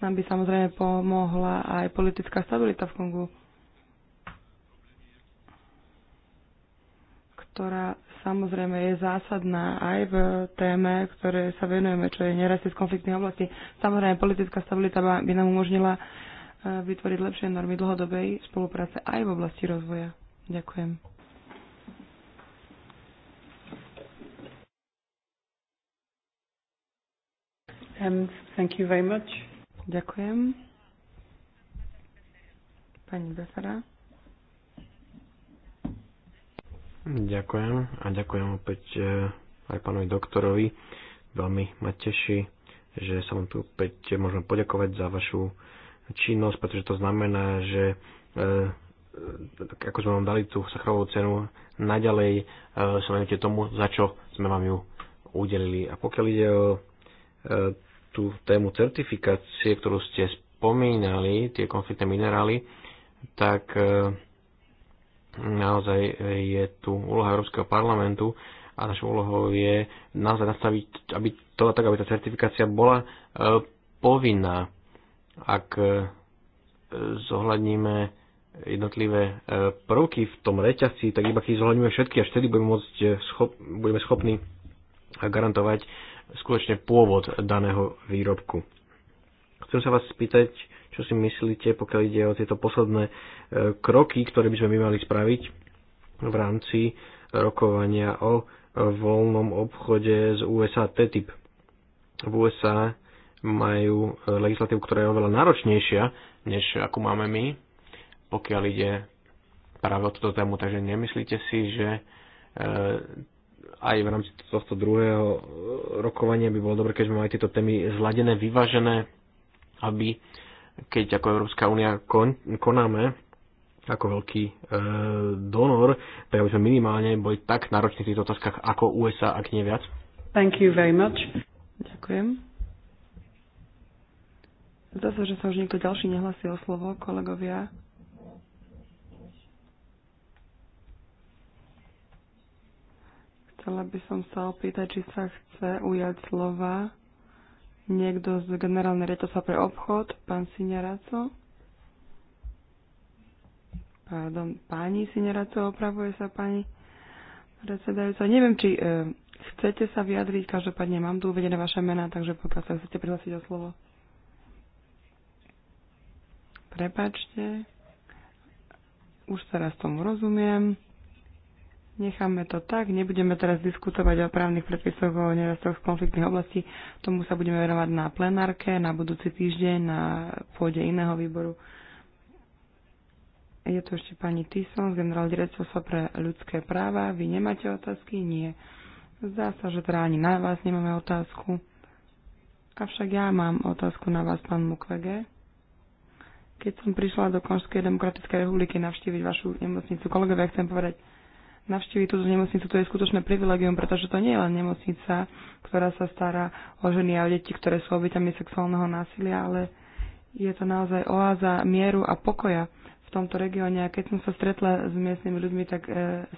Nám by samozrejme pomohla aj politická stabilita v Kongu, ktorá samozrejme je zásadná aj v téme, ktoré sa venujeme, čo je nerastie z konfliktnej oblasti. Samozrejme, politická stabilita by nám umožnila e, vytvoriť lepšie normy dlhodobej spolupráce aj v oblasti rozvoja. Ďakujem. Um, thank you very much. Ďakujem. Pani Befera. Ďakujem a ďakujem opäť e, aj pánovi doktorovi. Veľmi ma teší, že sa vám tu opäť môžem poďakovať za vašu činnosť, pretože to znamená, že e, e, ako sme vám dali tú sachrovú cenu, naďalej sa venujete tomu, za čo sme vám ju udelili. A pokiaľ ide o tú tému certifikácie, ktorú ste spomínali, tie konfliktné minerály, tak e, Naozaj je tu úloha Európskeho parlamentu a našou úlohou je naozaj nastaviť, aby to tak, aby tá certifikácia bola e, povinná. Ak e, zohľadníme jednotlivé e, prvky v tom reťazci, tak iba keď zohľadníme všetky, až vtedy budeme, môcť schop, budeme schopní garantovať skutočne pôvod daného výrobku. Chcem sa vás spýtať čo si myslíte, pokiaľ ide o tieto posledné e, kroky, ktoré by sme my mali spraviť v rámci rokovania o voľnom obchode z USA TTIP? V USA majú e, legislatívu, ktorá je oveľa náročnejšia, než akú máme my, pokiaľ ide práve o túto tému. Takže nemyslíte si, že e, aj v rámci tohto druhého rokovania by bolo dobre, keď sme mali tieto témy zladené, vyvážené, aby keď ako Európska únia kon, konáme ako veľký e, donor, tak aby sme minimálne boli tak nároční v týchto otázkach ako USA, ak nie viac. Thank you very much. Ďakujem. Zase, že sa už niekto ďalší nehlasí o slovo, kolegovia. Chcela by som sa opýtať, či sa chce ujať slova niekto z generálnej retosa pre obchod, pán Signaraco. Pardon, pani siniaraco, opravuje sa pani predsedajúca. Neviem, či e, chcete sa vyjadriť, každopádne mám tu uvedené vaše mená, takže pokiaľ sa chcete prihlásiť o slovo. Prepačte, už teraz tomu rozumiem. Necháme to tak, nebudeme teraz diskutovať o právnych predpisoch o nerastoch z konfliktných oblastí, tomu sa budeme venovať na plenárke, na budúci týždeň, na pôde iného výboru. Je tu ešte pani Tyson z generál sa pre ľudské práva. Vy nemáte otázky? Nie. Zdá sa, že teda ani na vás nemáme otázku. Avšak ja mám otázku na vás, pán Mukwege. Keď som prišla do Konžskej demokratickej republiky navštíviť vašu nemocnicu, kolegovia, chcem povedať, Navštíviť túto nemocnicu to je skutočné privilegium, pretože to nie je len nemocnica, ktorá sa stará o ženy a o deti, ktoré sú obeťami sexuálneho násilia, ale je to naozaj oáza mieru a pokoja v tomto regióne. A keď som sa stretla s miestnymi ľuďmi, tak e,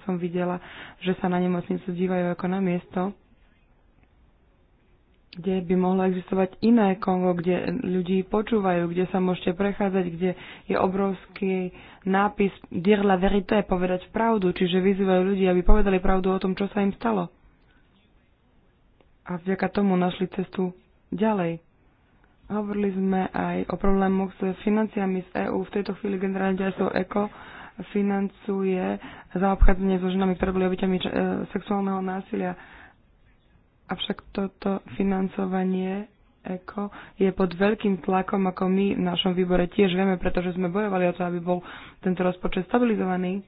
som videla, že sa na nemocnicu dívajú ako na miesto, kde by mohlo existovať iné Kongo, kde ľudí počúvajú, kde sa môžete prechádzať, kde je obrovský nápis Dire la vérité, povedať pravdu, čiže vyzývajú ľudí, aby povedali pravdu o tom, čo sa im stalo. A vďaka tomu našli cestu ďalej. Hovorili sme aj o problémoch s financiami z EÚ. V tejto chvíli generálne ďalšou ECO financuje zaobchádzanie so ženami, ktoré boli obyťami e, sexuálneho násilia Avšak toto financovanie ECO je pod veľkým tlakom, ako my v našom výbore tiež vieme, pretože sme bojovali o to, aby bol tento rozpočet stabilizovaný.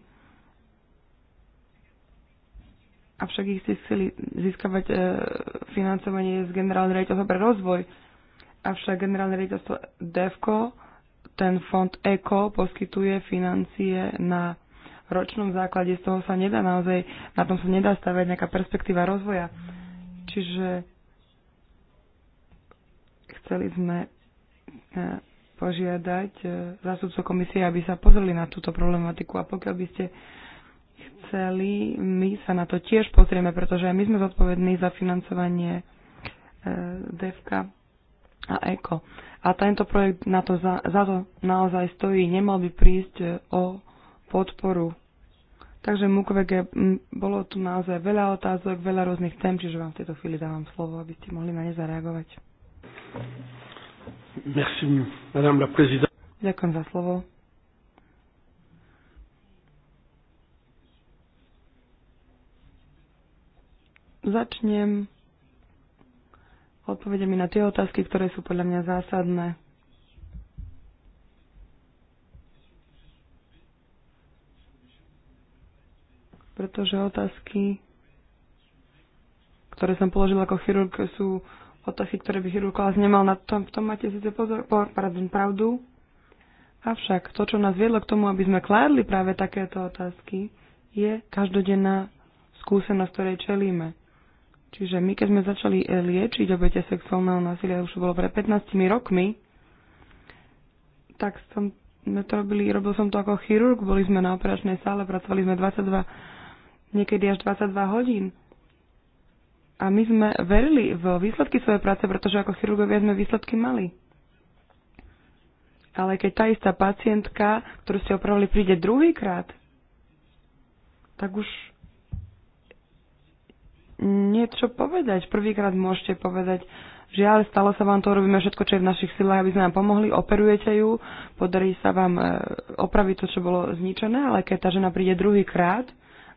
Avšak ich chceli získavať e, financovanie z generálneho riaditeľstva pre rozvoj. Avšak generálne riaditeľstvo DEVCO, ten fond ECO, poskytuje financie na ročnom základe, z toho sa nedá naozaj, na tom sa nedá stavať nejaká perspektíva rozvoja. Mm. Čiže chceli sme e, požiadať e, zástupcov komisie, aby sa pozreli na túto problematiku a pokiaľ by ste chceli, my sa na to tiež pozrieme, pretože my sme zodpovední za financovanie e, DEVKA a ECO. A tento projekt na to za, za to naozaj stojí, nemal by prísť o podporu Takže Mukwege, bolo tu naozaj veľa otázok, veľa rôznych tém, čiže vám v tejto chvíli dávam slovo, aby ste mohli na ne zareagovať. Merci, madame la présidente. Ďakujem za slovo. Začnem odpovedami na tie otázky, ktoré sú podľa mňa zásadné. pretože otázky, ktoré som položil ako chirurg, sú otázky, ktoré by chirurg vás nemal. Na tom, v tom máte síce pozor, pardon, pravdu, avšak to, čo nás viedlo k tomu, aby sme kládli práve takéto otázky, je každodenná skúsenosť, ktorej čelíme. Čiže my, keď sme začali eh, liečiť obete sexuálneho násilia, už to bolo pred 15 rokmi, tak som, sme to robili, robil som to ako chirurg, boli sme na operačnej sále, pracovali sme 22 niekedy až 22 hodín. A my sme verili v výsledky svojej práce, pretože ako chirurgovia sme výsledky mali. Ale keď tá istá pacientka, ktorú ste opravili, príde druhýkrát, tak už niečo povedať. Prvýkrát môžete povedať, žiaľ, stalo sa vám to, robíme všetko, čo je v našich silách, aby sme vám pomohli, operujete ju, podarí sa vám eh, opraviť to, čo bolo zničené, ale keď tá žena príde druhýkrát,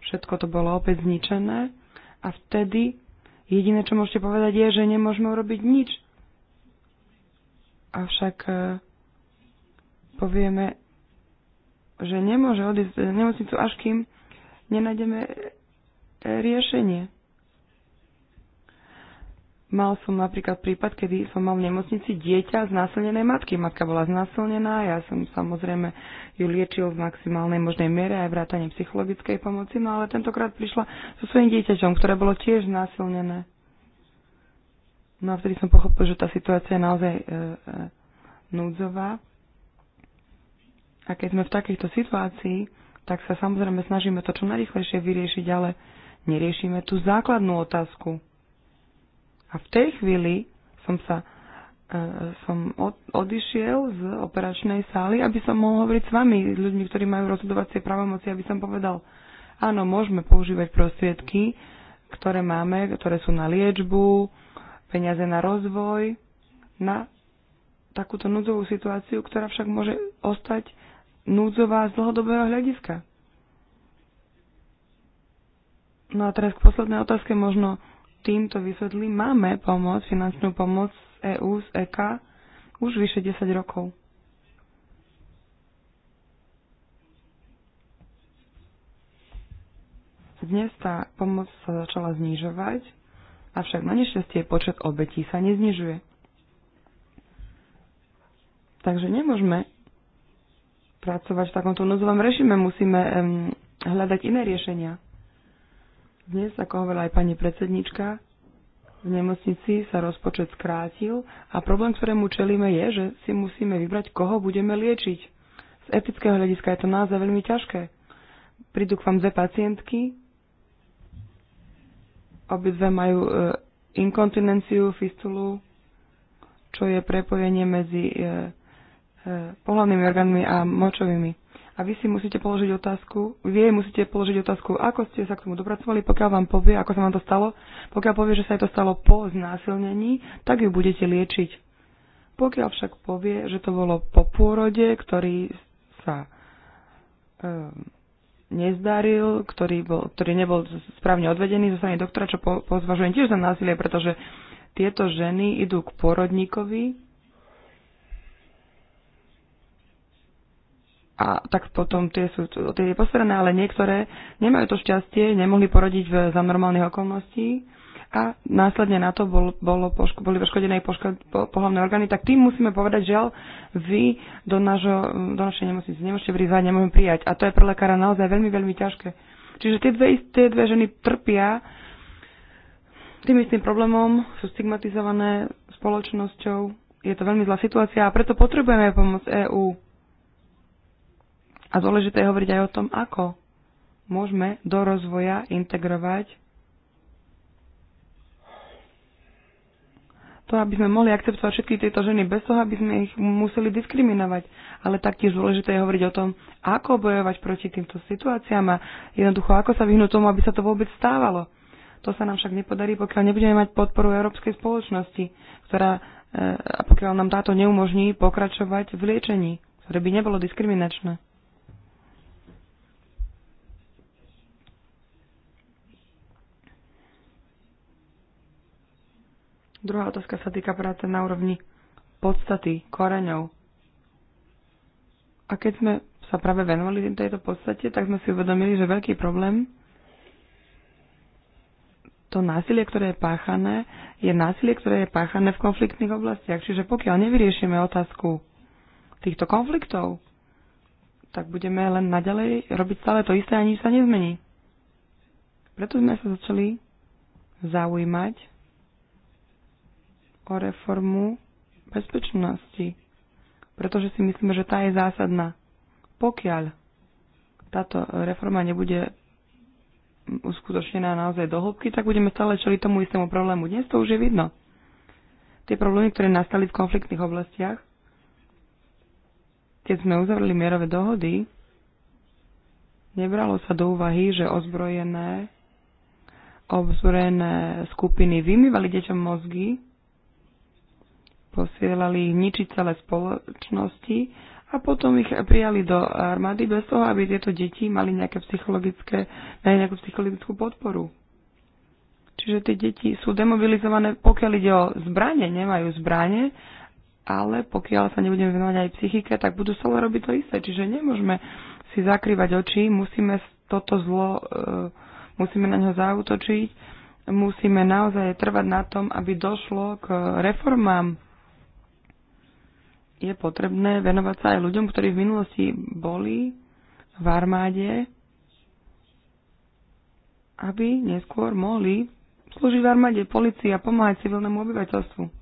Všetko to bolo opäť zničené a vtedy jediné, čo môžete povedať, je, že nemôžeme urobiť nič. Avšak e, povieme, že nemôže odísť nemocnicu, až kým nenájdeme e, riešenie. Mal som napríklad prípad, kedy som mal v nemocnici dieťa z násilnenej matky. Matka bola znásilnená, ja som samozrejme ju liečil v maximálnej možnej miere aj vrátane psychologickej pomoci, no ale tentokrát prišla so svojím dieťaťom, ktoré bolo tiež znásilnené. No a vtedy som pochopil, že tá situácia je naozaj e, e, núdzová. A keď sme v takejto situácii, tak sa samozrejme snažíme to čo najrychlejšie vyriešiť, ale neriešime tú základnú otázku – a v tej chvíli som sa e, som od, odišiel z operačnej sály, aby som mohol hovoriť s vami, s ľuďmi, ktorí majú rozhodovacie právomoci, aby som povedal, áno, môžeme používať prostriedky, ktoré máme, ktoré sú na liečbu, peniaze na rozvoj, na takúto núdzovú situáciu, ktorá však môže ostať núdzová z dlhodobého hľadiska. No a teraz k poslednej otázke možno týmto vysvetlím, máme pomoc, finančnú pomoc z EU, z EK už vyše 10 rokov. Dnes tá pomoc sa začala znižovať, avšak na nešťastie počet obetí sa neznižuje. Takže nemôžeme pracovať v takomto núzovom režime, musíme um, hľadať iné riešenia. Dnes, ako hovorila aj pani predsednička, v nemocnici sa rozpočet skrátil a problém, ktorému čelíme, je, že si musíme vybrať, koho budeme liečiť. Z etického hľadiska je to naozaj veľmi ťažké. Prídu k vám dve pacientky, obidve majú e, inkontinenciu, fistulu, čo je prepojenie medzi e, e, pohľadnými orgánmi a močovými a vy si musíte položiť otázku, vy jej musíte položiť otázku, ako ste sa k tomu dopracovali, pokiaľ vám povie, ako sa vám to stalo. Pokiaľ povie, že sa jej to stalo po znásilnení, tak ju budete liečiť. Pokiaľ však povie, že to bolo po pôrode, ktorý sa e, nezdaril, ktorý, bol, ktorý nebol správne odvedený zo strany doktora, čo po, pozvažujem tiež za násilie, pretože tieto ženy idú k porodníkovi, a tak potom tie sú tie je posverené, ale niektoré nemajú to šťastie, nemohli porodiť v, za normálnych okolností a následne na to bol, bolo poško, boli poškodené aj poško, po, pohľavné orgány, tak tým musíme povedať, že vy do, nášho, do našej nemocnice nemôžete prizvať, nemôžeme prijať. A to je pre lekára naozaj veľmi, veľmi ťažké. Čiže tie dve, tie dve ženy trpia tým istým problémom, sú stigmatizované spoločnosťou, je to veľmi zlá situácia a preto potrebujeme pomoc EÚ a dôležité je hovoriť aj o tom, ako môžeme do rozvoja integrovať to, aby sme mohli akceptovať všetky tieto ženy bez toho, aby sme ich museli diskriminovať. Ale taktiež dôležité je hovoriť o tom, ako bojovať proti týmto situáciám a jednoducho ako sa vyhnúť tomu, aby sa to vôbec stávalo. To sa nám však nepodarí, pokiaľ nebudeme mať podporu európskej spoločnosti, ktorá, e, a pokiaľ nám táto neumožní pokračovať v liečení, ktoré by nebolo diskriminačné. Druhá otázka sa týka práce na úrovni podstaty, koreňov. A keď sme sa práve venovali tejto podstate, tak sme si uvedomili, že veľký problém to násilie, ktoré je páchané, je násilie, ktoré je páchané v konfliktných oblastiach. Čiže pokiaľ nevyriešime otázku týchto konfliktov, tak budeme len naďalej robiť stále to isté a nič sa nezmení. Preto sme sa začali zaujímať o reformu bezpečnosti, pretože si myslíme, že tá je zásadná. Pokiaľ táto reforma nebude uskutočnená naozaj do hĺbky, tak budeme stále čeliť tomu istému problému. Dnes to už je vidno. Tie problémy, ktoré nastali v konfliktných oblastiach, keď sme uzavreli mierové dohody, nebralo sa do úvahy, že ozbrojené obzorené skupiny vymývali deťom mozgy posielali ničiť celé spoločnosti a potom ich prijali do armády bez toho, aby tieto deti mali nejaké psychologické, eh, nejakú psychologickú podporu. Čiže tie deti sú demobilizované, pokiaľ ide o zbranie, nemajú zbranie, ale pokiaľ sa nebudeme venovať aj psychike, tak budú stále robiť to isté. Čiže nemôžeme si zakrývať oči, musíme toto zlo, eh, musíme na ňo zautočiť, musíme naozaj trvať na tom, aby došlo k reformám je potrebné venovať sa aj ľuďom, ktorí v minulosti boli v armáde, aby neskôr mohli slúžiť v armáde, policii a pomáhať civilnému obyvateľstvu.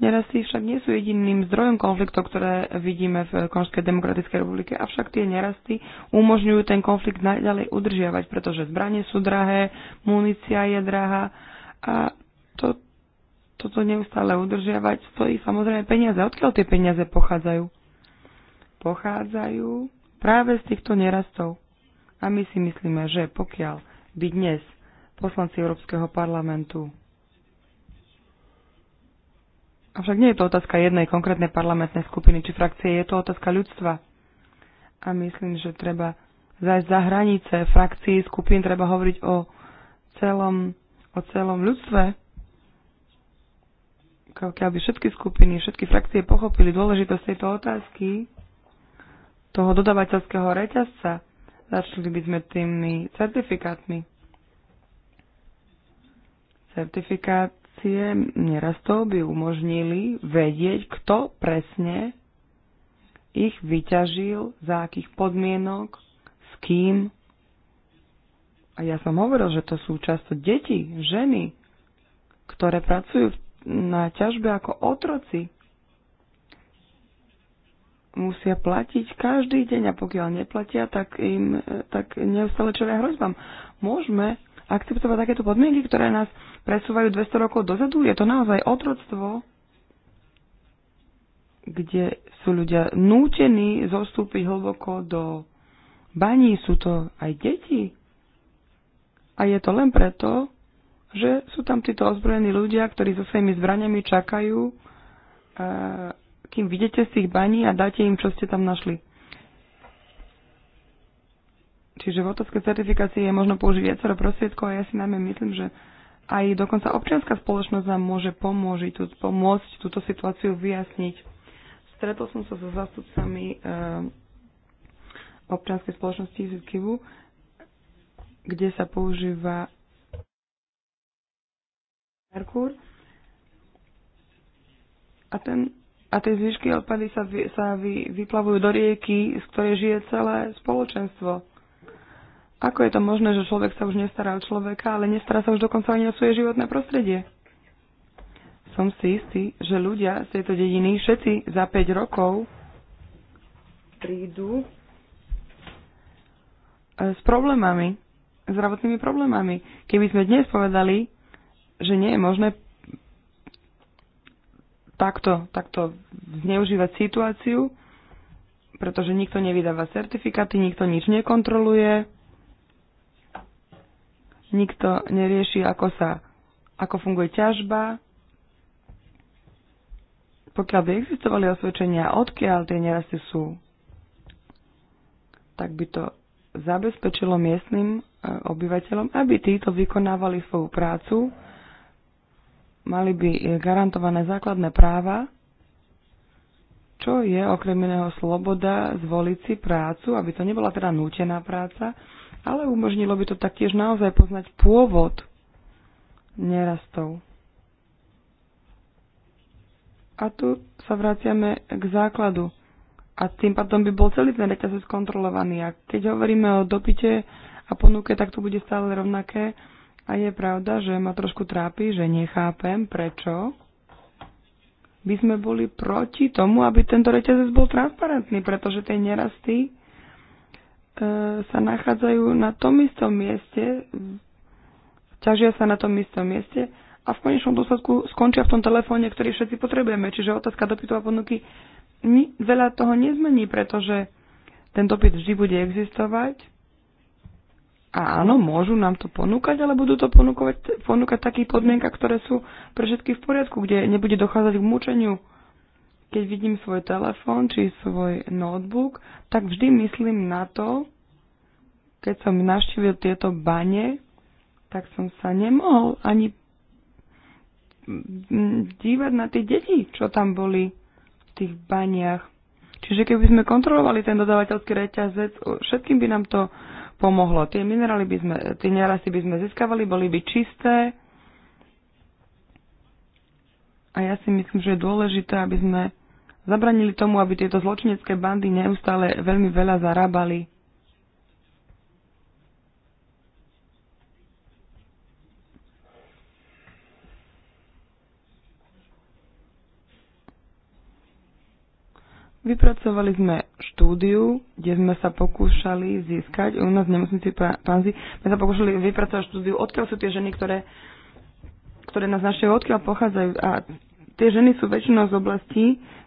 Nerasty však nie sú jediným zdrojom konfliktov, ktoré vidíme v Konžskej demokratickej republike, avšak tie nerasty umožňujú ten konflikt naďalej udržiavať, pretože zbranie sú drahé, munícia je drahá a to, toto neustále udržiavať stojí samozrejme peniaze. Odkiaľ tie peniaze pochádzajú? Pochádzajú práve z týchto nerastov. A my si myslíme, že pokiaľ by dnes poslanci Európskeho parlamentu Avšak nie je to otázka jednej konkrétnej parlamentnej skupiny či frakcie, je to otázka ľudstva. A myslím, že treba zajsť za hranice frakcií, skupín, treba hovoriť o celom, o celom ľudstve, ako aby všetky skupiny, všetky frakcie pochopili dôležitosť tejto otázky, toho dodavateľského reťazca. Začali by sme tými certifikátmi. Certifikácie nerastov by umožnili vedieť, kto presne ich vyťažil, za akých podmienok, s kým. A ja som hovoril, že to sú často deti, ženy, ktoré pracujú v na ťažbe ako otroci. Musia platiť každý deň a pokiaľ neplatia, tak im tak neustále čelia hrozbám. Môžeme akceptovať takéto podmienky, ktoré nás presúvajú 200 rokov dozadu? Je to naozaj otroctvo, kde sú ľudia nútení zostúpiť hlboko do baní, sú to aj deti. A je to len preto, že sú tam títo ozbrojení ľudia, ktorí so svojimi zbraniami čakajú, e, kým vidíte z tých baní a dáte im, čo ste tam našli. Čiže v otovské certifikácie je možno použiť viacero prostriedkov a ja si najmä myslím, že aj dokonca občianská spoločnosť nám môže pomôžiť, pomôcť túto situáciu vyjasniť. Stretol som sa so zastupcami e, občianskej spoločnosti z kde sa používa Merkúr. A, ten, a tie zvyšky odpady sa, vy, sa vy, vyplavujú do rieky, z ktorej žije celé spoločenstvo. Ako je to možné, že človek sa už nestará o človeka, ale nestará sa už dokonca ani o svoje životné prostredie? Som si istý, že ľudia z tejto dediny všetci za 5 rokov prídu eh, s problémami, zdravotnými problémami. Keby sme dnes povedali, že nie je možné takto, takto zneužívať situáciu, pretože nikto nevydáva certifikáty, nikto nič nekontroluje, nikto nerieši, ako sa, ako funguje ťažba. Pokiaľ by existovali osvedčenia, odkiaľ tie nerasty sú, tak by to zabezpečilo miestnym e, obyvateľom, aby títo vykonávali svoju prácu mali by eh, garantované základné práva, čo je okrem iného sloboda zvoliť si prácu, aby to nebola teda nútená práca, ale umožnilo by to taktiež naozaj poznať pôvod nerastov. A tu sa vraciame k základu. A tým pádom by bol celý ten reťazec kontrolovaný. A keď hovoríme o dopite a ponuke, tak to bude stále rovnaké a je pravda, že ma trošku trápi, že nechápem, prečo by sme boli proti tomu, aby tento reťazec bol transparentný, pretože tie nerasty e, sa nachádzajú na tom istom mieste, ťažia sa na tom istom mieste a v konečnom dôsledku skončia v tom telefóne, ktorý všetci potrebujeme. Čiže otázka dopytu a ponuky ni, veľa toho nezmení, pretože ten dopyt vždy bude existovať a áno, môžu nám to ponúkať, ale budú to ponúkať, ponúkať takých podmienkach, ktoré sú pre všetkých v poriadku, kde nebude dochádzať k mučeniu. Keď vidím svoj telefón či svoj notebook, tak vždy myslím na to, keď som navštívil tieto bane, tak som sa nemohol ani dívať na tie deti, čo tam boli v tých baniach. Čiže keby sme kontrolovali ten dodávateľský reťazec, všetkým by nám to pomohlo. Tie minerály by sme, tie nerasy by sme získavali, boli by čisté. A ja si myslím, že je dôležité, aby sme zabranili tomu, aby tieto zločinecké bandy neustále veľmi veľa zarábali. Vypracovali sme štúdiu, kde sme sa pokúšali získať, u nás nemocnici Panzi, sme sa pokúšali vypracovať štúdiu, odkiaľ sú tie ženy, ktoré, ktoré nás našťavujú, odkiaľ pochádzajú. A tie ženy sú väčšinou z oblastí,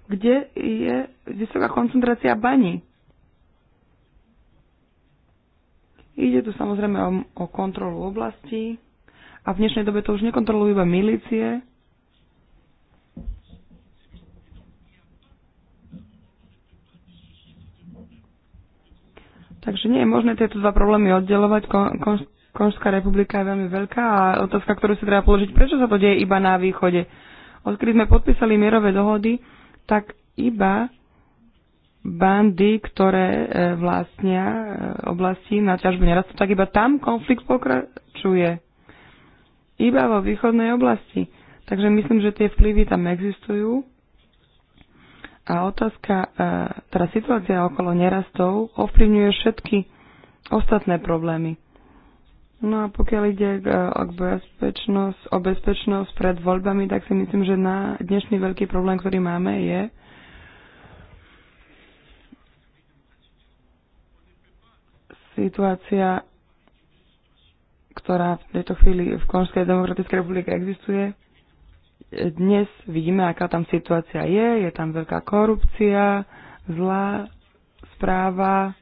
kde je vysoká koncentrácia baní. Ide tu samozrejme o, o kontrolu oblasti a v dnešnej dobe to už nekontrolujú iba milície, Takže nie je možné tieto dva problémy oddelovať. Kon, Konžská republika je veľmi veľká a otázka, ktorú si treba položiť, prečo sa to deje iba na východe? Odkedy sme podpísali mierové dohody, tak iba bandy, ktoré e, vlastnia e, oblasti na ťažbu nerastu, tak iba tam konflikt pokračuje. Iba vo východnej oblasti. Takže myslím, že tie vplyvy tam existujú a otázka, e, teda situácia okolo nerastov ovplyvňuje všetky ostatné problémy. No a pokiaľ ide e, o bezpečnosť, o bezpečnosť pred voľbami, tak si myslím, že na dnešný veľký problém, ktorý máme, je situácia, ktorá v tejto chvíli v Konžskej demokratickej republike existuje, dnes vidíme, aká tam situácia je, je tam veľká korupcia, zlá správa,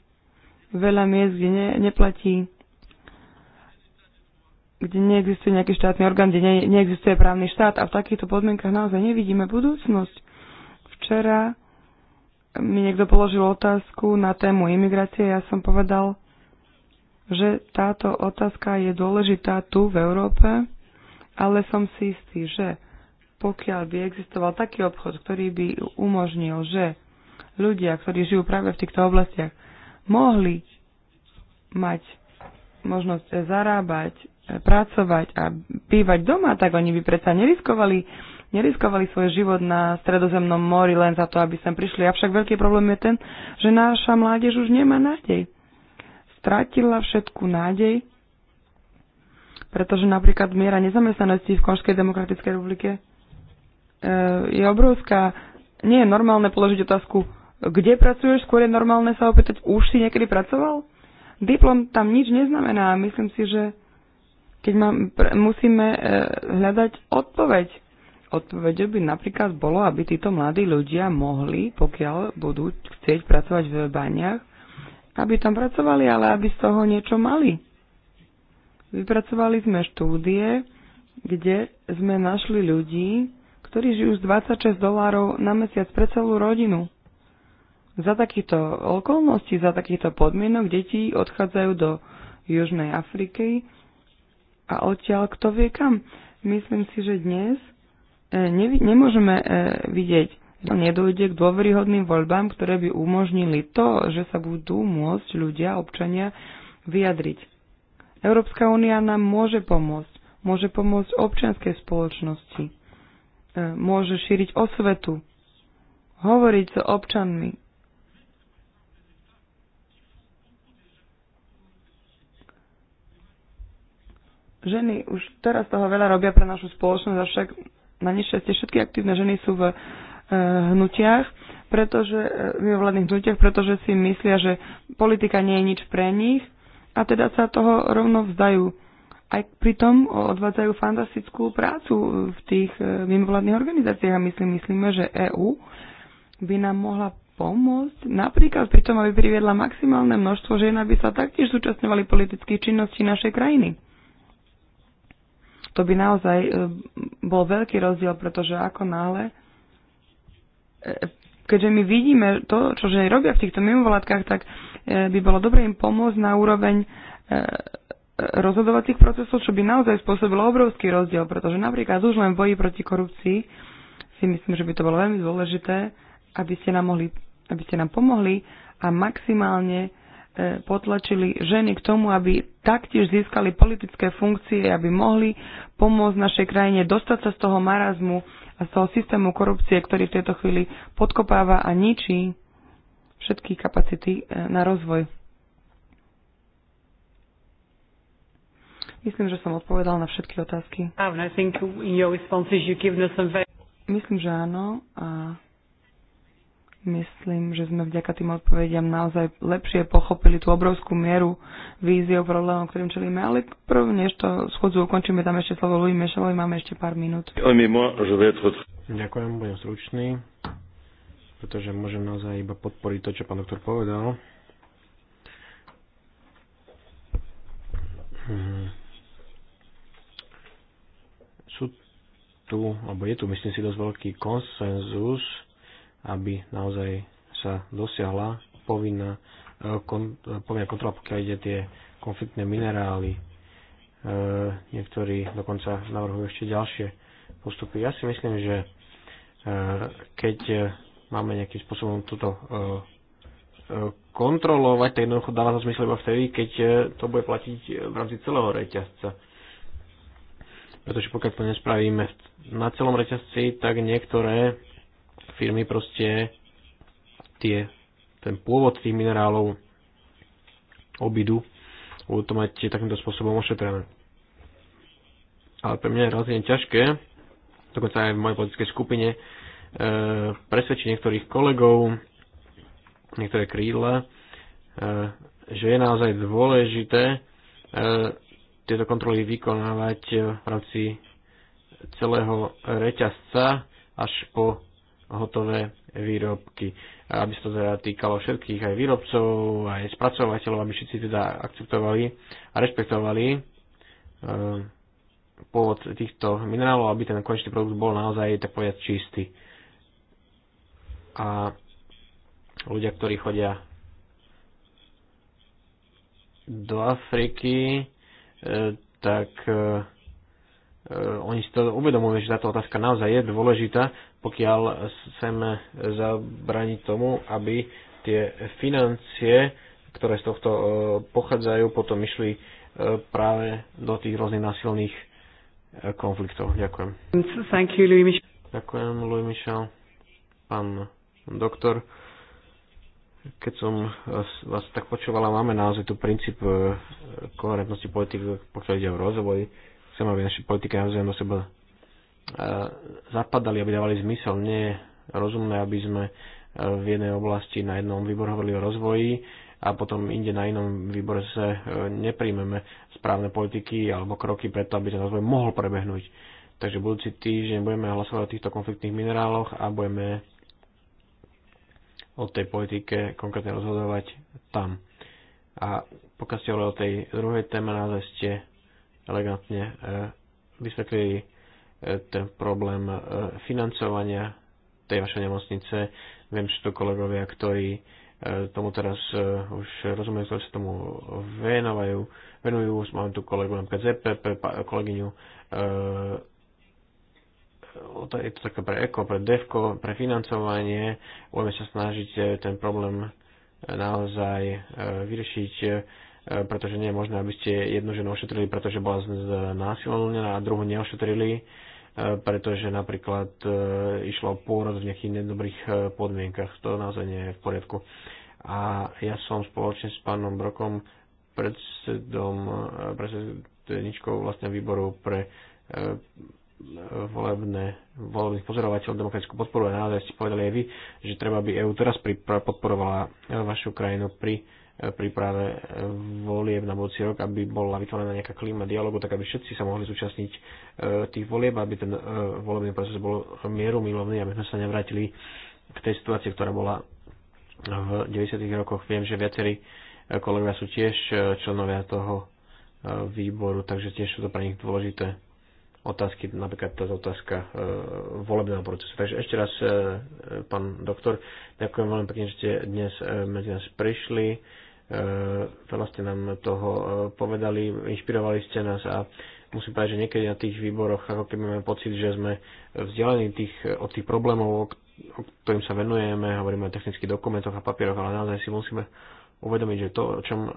veľa miest, kde ne, neplatí, kde neexistuje nejaký štátny orgán, kde ne, neexistuje právny štát a v takýchto podmienkach naozaj nevidíme budúcnosť. Včera mi niekto položil otázku na tému imigrácie, ja som povedal, že táto otázka je dôležitá tu v Európe, ale som si istý, že pokiaľ by existoval taký obchod, ktorý by umožnil, že ľudia, ktorí žijú práve v týchto oblastiach, mohli mať možnosť zarábať, pracovať a bývať doma, tak oni by predsa neriskovali, neriskovali svoj život na stredozemnom mori len za to, aby sem prišli. Avšak veľký problém je ten, že naša mládež už nemá nádej. Stratila všetku nádej, pretože napríklad miera nezamestnanosti v Konžskej demokratickej republike Eh, je obrovská. Nie je normálne položiť otázku, kde pracuješ, skôr je normálne sa opýtať, už si niekedy pracoval? Diplom tam nič neznamená. Myslím si, že keď mám, musíme eh, hľadať odpoveď. Odpoveď by napríklad bolo, aby títo mladí ľudia mohli, pokiaľ budú chcieť pracovať v baniach, aby tam pracovali, ale aby z toho niečo mali. Vypracovali sme štúdie, kde sme našli ľudí, ktorí žijú z 26 dolárov na mesiac pre celú rodinu. Za takýchto okolností, za takýchto podmienok deti odchádzajú do Južnej Afriky a odtiaľ kto vie kam. Myslím si, že dnes e, ne, nemôžeme e, vidieť, nedojde k dôveryhodným voľbám, ktoré by umožnili to, že sa budú môcť ľudia, občania vyjadriť. Európska únia nám môže pomôcť. Môže pomôcť občianskej spoločnosti. E, môže šíriť osvetu, hovoriť s so občanmi. Ženy už teraz toho veľa robia pre našu spoločnosť, avšak na nešťastie všetky aktívne ženy sú v e, hnutiach, pretože, e, v vládnych hnutiach, pretože si myslia, že politika nie je nič pre nich a teda sa toho rovno vzdajú aj pritom odvádzajú fantastickú prácu v tých e, mimovládnych organizáciách a myslím, myslíme, že EÚ by nám mohla pomôcť napríklad pri tom, aby priviedla maximálne množstvo žien, aby sa taktiež zúčastňovali politických činností našej krajiny. To by naozaj e, bol veľký rozdiel, pretože ako náhle, e, keďže my vidíme to, čo ženy robia v týchto mimovládkach, tak by bolo dobre im pomôcť na úroveň rozhodovacích procesov, čo by naozaj spôsobilo obrovský rozdiel, pretože napríklad už len v boji proti korupcii si myslím, že by to bolo veľmi dôležité, aby ste nám, mohli, aby ste nám pomohli a maximálne e, potlačili ženy k tomu, aby taktiež získali politické funkcie, aby mohli pomôcť našej krajine dostať sa z toho marazmu a z toho systému korupcie, ktorý v tejto chvíli podkopáva a ničí všetky kapacity e, na rozvoj. Myslím, že som odpovedal na všetky otázky. Myslím, že áno a myslím, že sme vďaka tým odpovediam naozaj lepšie pochopili tú obrovskú mieru víziev problémov, ktorým čelíme, ale prv, než to schodzu ukončíme, tam ešte slovo Louis Michelovi, máme ešte pár minút. Ďakujem, budem stručný, pretože môžem naozaj iba podporiť to, čo pán doktor povedal. Mm-hmm. tu, alebo je tu myslím si dosť veľký konsenzus, aby naozaj sa dosiahla povinná, e, kon, e, povinná kontrola, pokiaľ ide tie konfliktné minerály. E, niektorí dokonca navrhujú ešte ďalšie postupy. Ja si myslím, že e, keď máme nejakým spôsobom túto e, e, kontrolovať, tak jednoducho dáva to zmysel iba vtedy, keď to bude platiť v rámci celého reťazca pretože pokiaľ to nespravíme na celom reťazci, tak niektoré firmy proste tie, ten pôvod tých minerálov obidu budú to mať takýmto spôsobom ošetrené. Ale pre mňa je relatívne ťažké, dokonca aj v mojej politickej skupine, e, presvedčiť niektorých kolegov, niektoré krídla, e, že je naozaj dôležité e, tieto kontroly vykonávať e, v rámci celého reťazca až po hotové výrobky. Aby sa to teda týkalo všetkých, aj výrobcov, aj spracovateľov, aby všetci teda akceptovali a rešpektovali e, pôvod týchto minerálov, aby ten konečný produkt bol naozaj, tak povedať, čistý. A ľudia, ktorí chodia do Afriky, E, tak e, e, oni si to uvedomujú, že táto otázka naozaj je dôležitá, pokiaľ chceme zabraniť tomu, aby tie financie, ktoré z tohto pochádzajú, potom išli práve do tých rôznych násilných konfliktov. Ďakujem. Thank you, Louis Michel. Ďakujem, Louis Michel. Pán doktor keď som vás tak počúvala, máme naozaj tu princíp e, koherentnosti politiky, pokiaľ ide o rozvoj. Chcem, aby naše politiky naozaj na seba e, zapadali, aby dávali zmysel. Nie je rozumné, aby sme e, v jednej oblasti na jednom výbore hovorili o rozvoji a potom inde na inom výbore sa nepríjmeme správne politiky alebo kroky preto, aby ten rozvoj mohol prebehnúť. Takže budúci týždeň budeme hlasovať o týchto konfliktných mineráloch a budeme o tej politike konkrétne rozhodovať tam. A pokiaľ ste hovorili o tej druhej téme, naozaj ste elegantne e, vysvetlili e, ten problém e, financovania tej vašej nemocnice. Viem, že to kolegovia, ktorí e, tomu teraz e, už rozumiem, ktorí sa tomu venovajú, venujú. Máme tu kolegu napríklad ZPP, kolegyňu e, to, je to také pre eko, pre devko, pre financovanie. Budeme sa snažiť eh, ten problém eh, naozaj eh, vyriešiť, pretože nie je možné, aby ste jednu ženu ošetrili, pretože bola znásilnená a druhú neošetrili, pretože napríklad išlo o pôrod v nejakých nedobrých podmienkach. To naozaj nie je v poriadku. A ja som spoločne s pánom Brokom predsedom, predsedničkou vlastne výboru pre volebné, volebných pozorovateľov demokratickú podporu a naozaj ste povedali aj vy, že treba by EU teraz podporovala vašu krajinu pri e, príprave volieb na budúci rok, aby bola vytvorená nejaká klíma dialogu, tak aby všetci sa mohli zúčastniť e, tých volieb, aby ten e, volebný proces bol mieru milovný, aby sme sa nevrátili k tej situácii, ktorá bola v 90. rokoch. Viem, že viacerí kolegovia sú tiež členovia toho výboru, takže tiež sú to pre nich dôležité otázky, napríklad tá otázka e, volebného procesu. Takže ešte raz, e, pán doktor, ďakujem veľmi pekne, že ste dnes e, medzi nás prišli. E, veľa ste nám toho e, povedali, inšpirovali ste nás a musím povedať, že niekedy na tých výboroch ako keby máme pocit, že sme vzdialení tých, od tých problémov, o ktorým sa venujeme, hovoríme o technických dokumentoch a papieroch, ale naozaj si musíme uvedomiť, že to, o čom e,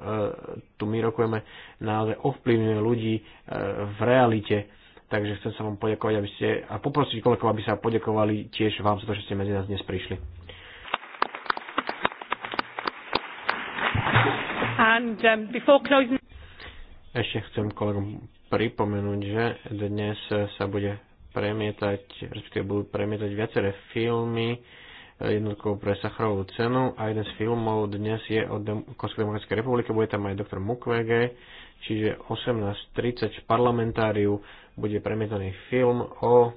tu my rokujeme, naozaj ovplyvňuje ľudí e, v realite takže chcem sa vám poďakovať aby ste, a poprosiť kolegov, aby sa poďakovali tiež vám za to, že ste medzi nás dnes prišli. And, um, before closing... Ešte chcem kolegom pripomenúť, že dnes sa bude premietať, respektíve budú premietať viaceré filmy, eh, jednotkou pre Sacharovú cenu a jeden z filmov dnes je od Dem- Konskej demokratickej republiky, bude tam aj doktor Mukwege, čiže 18.30 v parlamentáriu bude premietaný film o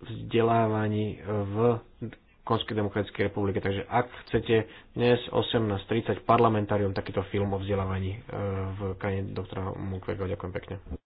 vzdelávaní v Konskej demokratickej republike. Takže ak chcete dnes 18.30 parlamentárium takýto film o vzdelávaní e, v krajine doktora Mukwege. Ďakujem pekne.